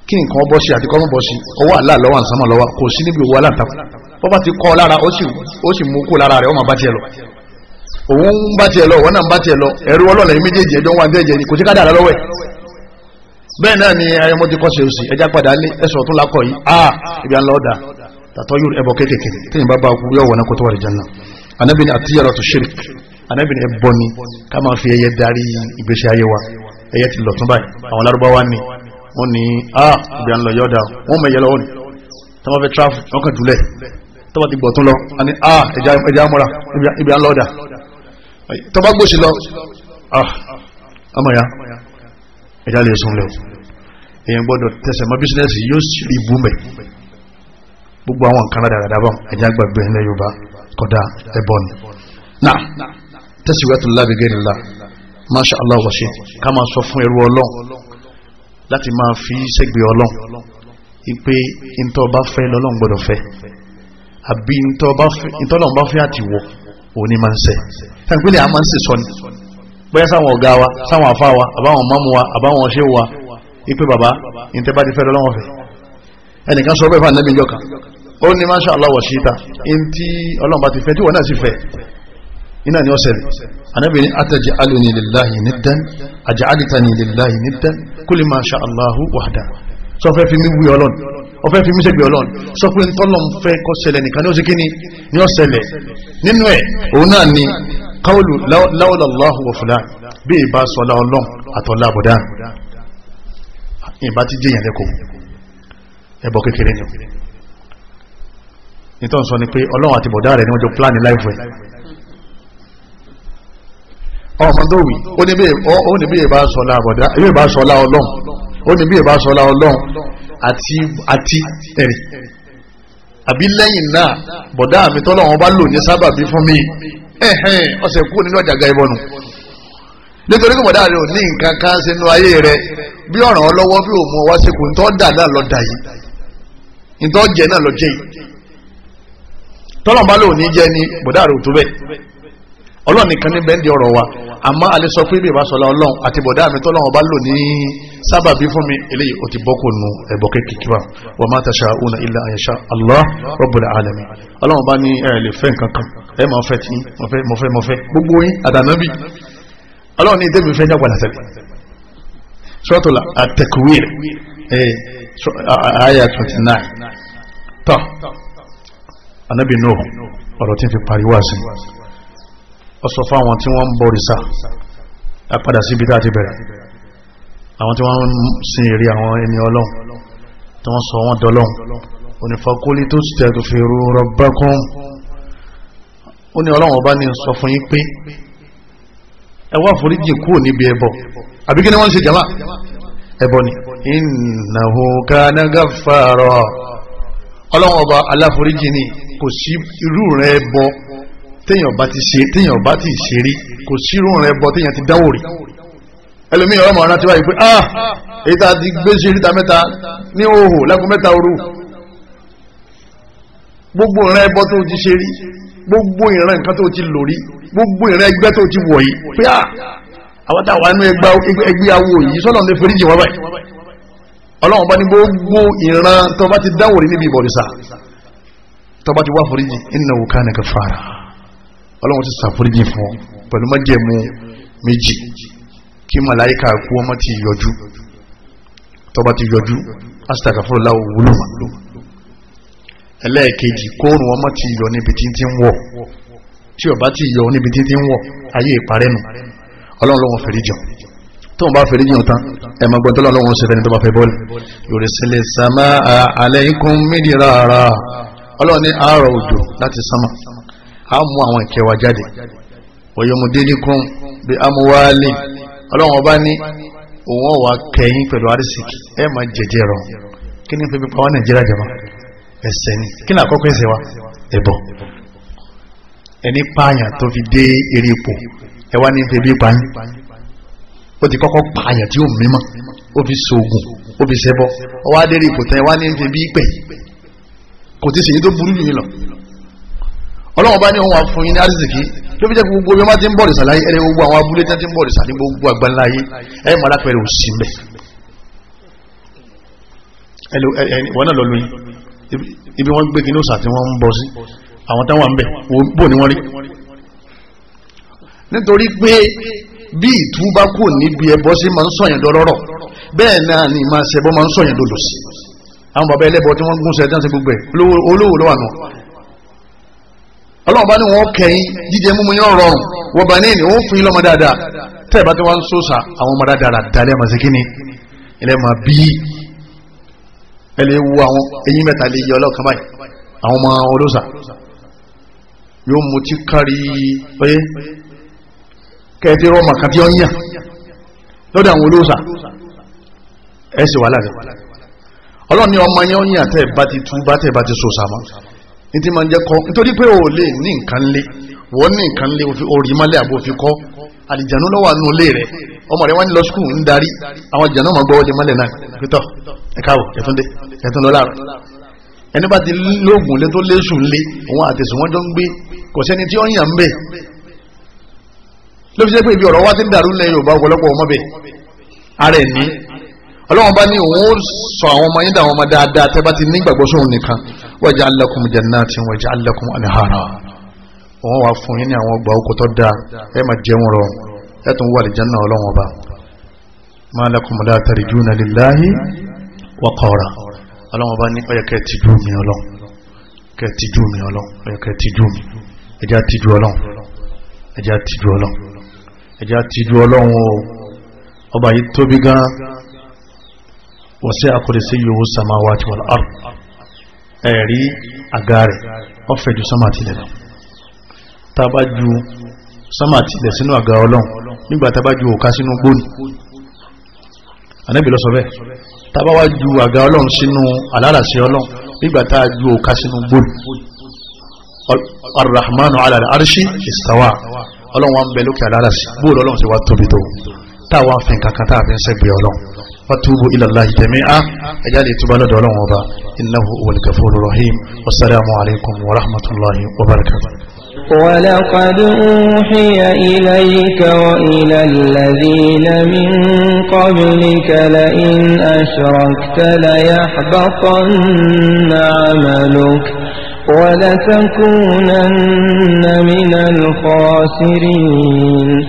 kí nǹkan bọ́sì àti kọ́mọ́ bọ́sì ọwọ́ Allah lọ́wọ́ àǹsámọ̀ lọ́wọ́ kò sí níbi owó aláǹtakùn bọ́ bá ti kọ́ lára ó sì mú kó lára rẹ̀ ó máa bá tiẹ̀ lọ òun ń bá tiẹ̀ lọ òun náà ń bá tiẹ̀ lọ ẹ̀rú ọlọ́ọ̀lẹ̀ méjèèjì ẹjọ́ wọn àti ni kò sí kádàrá lọ́wọ́ ẹ̀ bẹ́ẹ̀ náà ni ayọmọ ti kọ́ ṣèṣì ẹja padà lé ẹsọ̀ tó lakọ̀ yìí a ibi à ń lọ ọ̀dà tàtọ́ yóò ẹbọ kéékèèké téèyàn bá bá ọkùnrin yóò wọnà kó tó wà lè náà anabi ni àti yàrá tó ṣirik anabi ni ẹbọ ni ká máa fi ẹyẹ darí ìgbésí ayé wa ẹyẹ ti lọ tún báyìí àwọn Lárúbáwá ni wọn ni a ibi à ń lọ yọ̀ọ̀dà wọn mọ̀ lọ́wọ́ ni tọ́wọ́ fẹ́ tráfù ọkàn dùlẹ̀ tọ́wọ́ ti gbọ̀ tún lọ a ni a ẹja mọ́ra ibi à ń lọ tọba gbòsì lọ ah, ọmọ ya ẹja lè sun lẹ́wọ̀ èyàn gbọ́dọ̀ tẹsẹ̀ mọ́ bísínẹ́sì yóò sì rí búmẹ̀ gbogbo àwọn nǹkan ládàradà bá ẹja gbàgbé ilẹ̀ Yorùbá kódà ẹbọ ni na tẹsíwẹ́tò lábẹ́gẹ́rì la masha allah wa ṣe ká máa sọ fún ẹrú ọlọ́run láti máa fi sẹ́gbẹ̀ẹ́ ọlọ́run ipe ntọ́ bá fẹ́ lọ́lọ́run gbọ́dọ̀ fẹ́ àbí ntọ́ lọ́run bá fẹ́ àtiwọ́ òní máa ń sẹ ẹnpínlẹ àmà ń sì sọ ni bóyá sáwọn ọgá wa sáwọn àfa wa àbáwọn mọmú wa àbáwọn ṣé wa ipe baba ìtẹ́bá ti fẹ́ lọ́wọ́ fẹ́ ẹnìkan sọ bẹ́ẹ̀ fún anabi ìjọ kan ó ní masha allah wa ṣíta ntí ọlọ́run bá ti fẹ́ tí wọ́n náà sì fẹ́ iná ni ó ṣẹlẹ̀ anabi ni atajà aluni lillahi niddan ajá alitani lillahi niddan kúlì masha allahu wahda sọ fẹ́ fi mí wí ọlọ́run ọfẹ́ fi mísẹ́gbẹ̀ ọlọ́run sọ pé ntọ́lọ́m fẹ́ kó ṣẹlẹ̀ nìkan ní ó sì kí ni ní ó ṣẹlẹ̀ nínú ẹ̀ òun náà ni káwọlù láwọlọ́láhùn wọ̀fúlá bí ìbá sọlá ọlọ́run àtọ́lá àbọ̀dá ìbá ti jẹ́yàn lẹ́kọ̀ọ́ ẹbọ kékeré ni nítorí sọ ni pé ọlọ́run àti bọ̀dá rẹ̀ ni wọ́n ó ní bí ìbá sọlá ọlọ́run àti àti ẹ̀rì àbí lẹ́yìn náà bọ̀dá àmì tọ́lọ̀ wọn bá lò sábà bí fún mi ẹ̀hẹ́n ọ̀sẹ̀ nínú ọ̀jàgà ìbọnù nítorí pé bọ̀dá rẹ ò ní nǹkan kan ayé rẹ bí ọ̀ràn ọ lọ́wọ́ bí òun ọwá sí kò ń lọ dà yìí ń tọ́ lọ jẹ yìí tọ́lọ̀ bá ni bọ̀dá rẹ ò ọlọ́run nìkan ní bẹ́ẹ̀ ń di ọ̀rọ̀ wa àmọ́ alẹ́ sọ pé bí ìbá sọlá ọlọ́run àti bọ̀dá mi tọ́lọ́run ọba lò ní sábàbí fún mi eléyìí ó ti bọ́ kò nu ẹ̀bọ̀ kékeré wa wa ma tasha'una illa an yasha Allah rabbul alamin ọlọ́run bá ní ẹ̀ lè fẹ́ nǹkan kan ẹ̀ máa fẹ́ tí mọ̀fẹ́ mọ̀fẹ́ mọ̀fẹ́ gbogbo yín àdànábì ọlọ́run ní ìdẹ́mi fẹ́ jágbà látẹ̀lẹ̀ suratul at-takwir aya tọ́ ó sọ fún àwọn tí wọ́n ń bọ̀rìṣà apadà síbi tá a ti bẹ̀rẹ̀ àwọn tí wọ́n ń sin èrè àwọn ẹni ọlọ́run tí wọ́n sọ wọ́n dọ́lọ́run onífakólí tó sì tẹ́ tó fi rú rabbakum ọlọ́run ọba jama ẹbọ ni innahu kana gaffara ọlọ́run ọba aláforíjì ni kò sí irú rẹ̀ ẹbọ téèyàn bá ti ṣe téèyàn bá ti ṣe rí kò sírò rẹ bọ téèyàn ti dáwò rí ẹlòmíì ọmọ ọ̀nà ti wáyé pé ah èyí tá a ti gbé ṣe ríta mẹ́ta ní òhò lẹ́kùn mẹ́ta òru gbogbo ìran ẹbọ tó ti ṣe rí gbogbo ìran nǹkan tó ti lò rí gbogbo ìran ẹgbẹ́ tó ti wọ̀ yìí pé ah àwọn tá a wà nínú ẹgbẹ́ awo yìí sọ́nà lè foríjì wá báyìí ọlọ́run bá ní gbogbo ìran tó bá ti dáwò rí níbi ìbọ̀rìṣà tó bá ti wá foríjì innahu kana kafara ọlọ́run ti ṣàforíjì fún ọ pẹ̀lú májẹ̀mú méjì kí màláíkà kú ọmọ ti yọjú tọba ti yọjú astagafurula wúlò mà ẹlẹ́ẹ̀kejì kóòrùn ọmọ ti yọ níbi tí ti ń wọ̀ tí ọba ti yọ níbi tí ti ń wọ̀ ayé ìparẹ́ nù ọlọ́run lọ́wọ́ fẹ̀ríjọ tóun bá fẹ̀ríjọ tán ẹ̀ máa gbọ́dọ̀ lọ́wọ́ ṣe fẹ́ni tó bá fẹ́ bọ́ọ̀lù yorùsílẹ̀ sàmà alaykum midrara ọlọ́run ní àárọ̀ òjò láti sánmà a mú àwọn ìkẹwà jáde wọ̀yọ̀mùdélíkún bí amúwálé ọlọ́run ọba ní òun ọ̀wà kẹyìn pẹ̀lú ẹ ma jẹjẹ rọ kí ni pípẹ́ pa wọ́n nàìjíríà jẹ́ ni kí ni wa ẹni pààyàn tó fi dé eré ipò ẹ wá ní fi bí pààyàn ó ti kọ́kọ́ pààyàn tí ó mímọ́ ó fi ṣoògùn ó fi ṣẹbọ ó wá dé ipò tán ẹ wá ní fi bí ọlọ́run bá ní òun wà fún yín ní arísìkí ló fi jẹ́ gbogbo bí wọ́n ń bọ̀ rìsà láyé ẹni gbogbo àwọn abúlé tí ń bọ̀ rìsà ní gbogbo àgbáńlá ayé ẹ mọ̀ lápẹ̀rẹ̀ sí mẹ́ nítorí pé bí ìtúbá kò níbi ẹbọ sí máa ń sọ̀yìn dọ́lọ́rọ̀ bẹ́ẹ̀ náà ni máa ṣẹbọ máa ń sọ̀yìn dọ́lọ́sí àwọn bàbá ẹlẹ́bọ tí wọ́n gúnṣẹ́ tí gbogbo ẹ̀ olówó lọ́wọ́ náà ọlọ́run bá ní wọn kẹ́yìn jíjẹ mímu yín rọrùn wọ bàní ni wọn fún yín lọ́mọ dáadáa tẹ́ ẹ bá ti wá ń sọ́sà àwọn ọmọ dáadáa rà dalẹ́ àmọ́ sí kíni ilẹ̀ máa bí ẹ lè wo àwọn eyín mẹ́ta lè yẹ ọlọ́kan báyìí àwọn ọmọ olóòsà yóò mú tí kárí pé kẹ́ẹ̀tì rọ́ọ̀mà kan tí yàn lọ́dọ̀ àwọn olóòsà ẹ sì wà láàrin ọlọ́run ọmọ yẹn ó yàn bá ti tún bá tẹ́ bá ti sọ́sà mọ́ ní ti máa ń jẹ́ kọ́ nítorí pé o lè ní nǹkan lé wọ́n ní nǹkan lé orí mọ́lẹ̀ àbò fi kọ́ àlìjànú lọ́wọ́ àánú ilé rẹ̀ ọmọ rẹ̀ wá ní lọ skul ń darí àwọn àlìjànú máa gbọ́wọ́ lé mọ́lẹ̀ náà pétọ́ ẹ̀ka o ẹ̀túndé ẹ̀tún lọ láàrọ̀ ẹni bá ti lóògùn lé tó léṣù lé òun àtẹ̀sùn wọn jọ ń gbé kò sẹ́ni tí ó yàn ń bẹ̀ jẹ́ pé ibi ọ̀rọ̀ wá ti ń dàrú lẹ́yìn Yorùbá ọ̀pọ̀lọpọ̀ ọmọ bẹ̀ ara ẹ̀ ní Ọlọ́run bá ní òun ó sọ àwọn ọmọ yín dà àwọn ọmọ dáadáa tẹ́ bá ti ní ìgbàgbọ́sọ̀rùn nìkan waj'al lakum jannatin waj'al lakum anhara wọ́n wá fún yín ní àwọn ọgbà oko tó dáa ẹ máa jẹun rọ ẹ tún wà lìjẹ́ náà ọlọ́wọ́n ọba ma lakum la tarjuna lillahi waqara ọlọ́wọ́n ọba ní ọyọ kẹ́ẹ̀ tijú mi ọlọ́n kẹ́ẹ̀ tijú mi ọlọ́n ọyọ kẹ́ẹ̀ tijú mi ẹja tijú ọlọ́n ẹja tijú ọlọ́n ẹja tijú ọlọ́n o ọba yìí tóbi gan wasi'a kursiyyuhu samawati wal ard ẹ̀rí àga rẹ̀ ọ̀fẹ́ ju sánmà tilẹ̀ lọ tá a bá ju sánmà tilẹ̀ sínú àga ọlọ́run nígbà tá a ju òka sínú gbóni ànábì ló sọ bẹ́ẹ̀ tá a bá àga ọlọ́run sínú àlàlàsí ọlọ́run nígbà tá a sínú gbóni ala arshi istawa ọlọ́run wa ń bẹ lókè àlàlàsí bóòlù ọlọ́run ti wá tóbi tó táwa وتوبوا إلى الله جميعا أجالي تبالا دولان وضع إنه هو الكفور الرحيم والسلام عليكم ورحمة الله وبركاته ولقد أوحي إليك وإلى الذين من قبلك لئن أشركت ليحبطن عملك ولتكونن من الخاسرين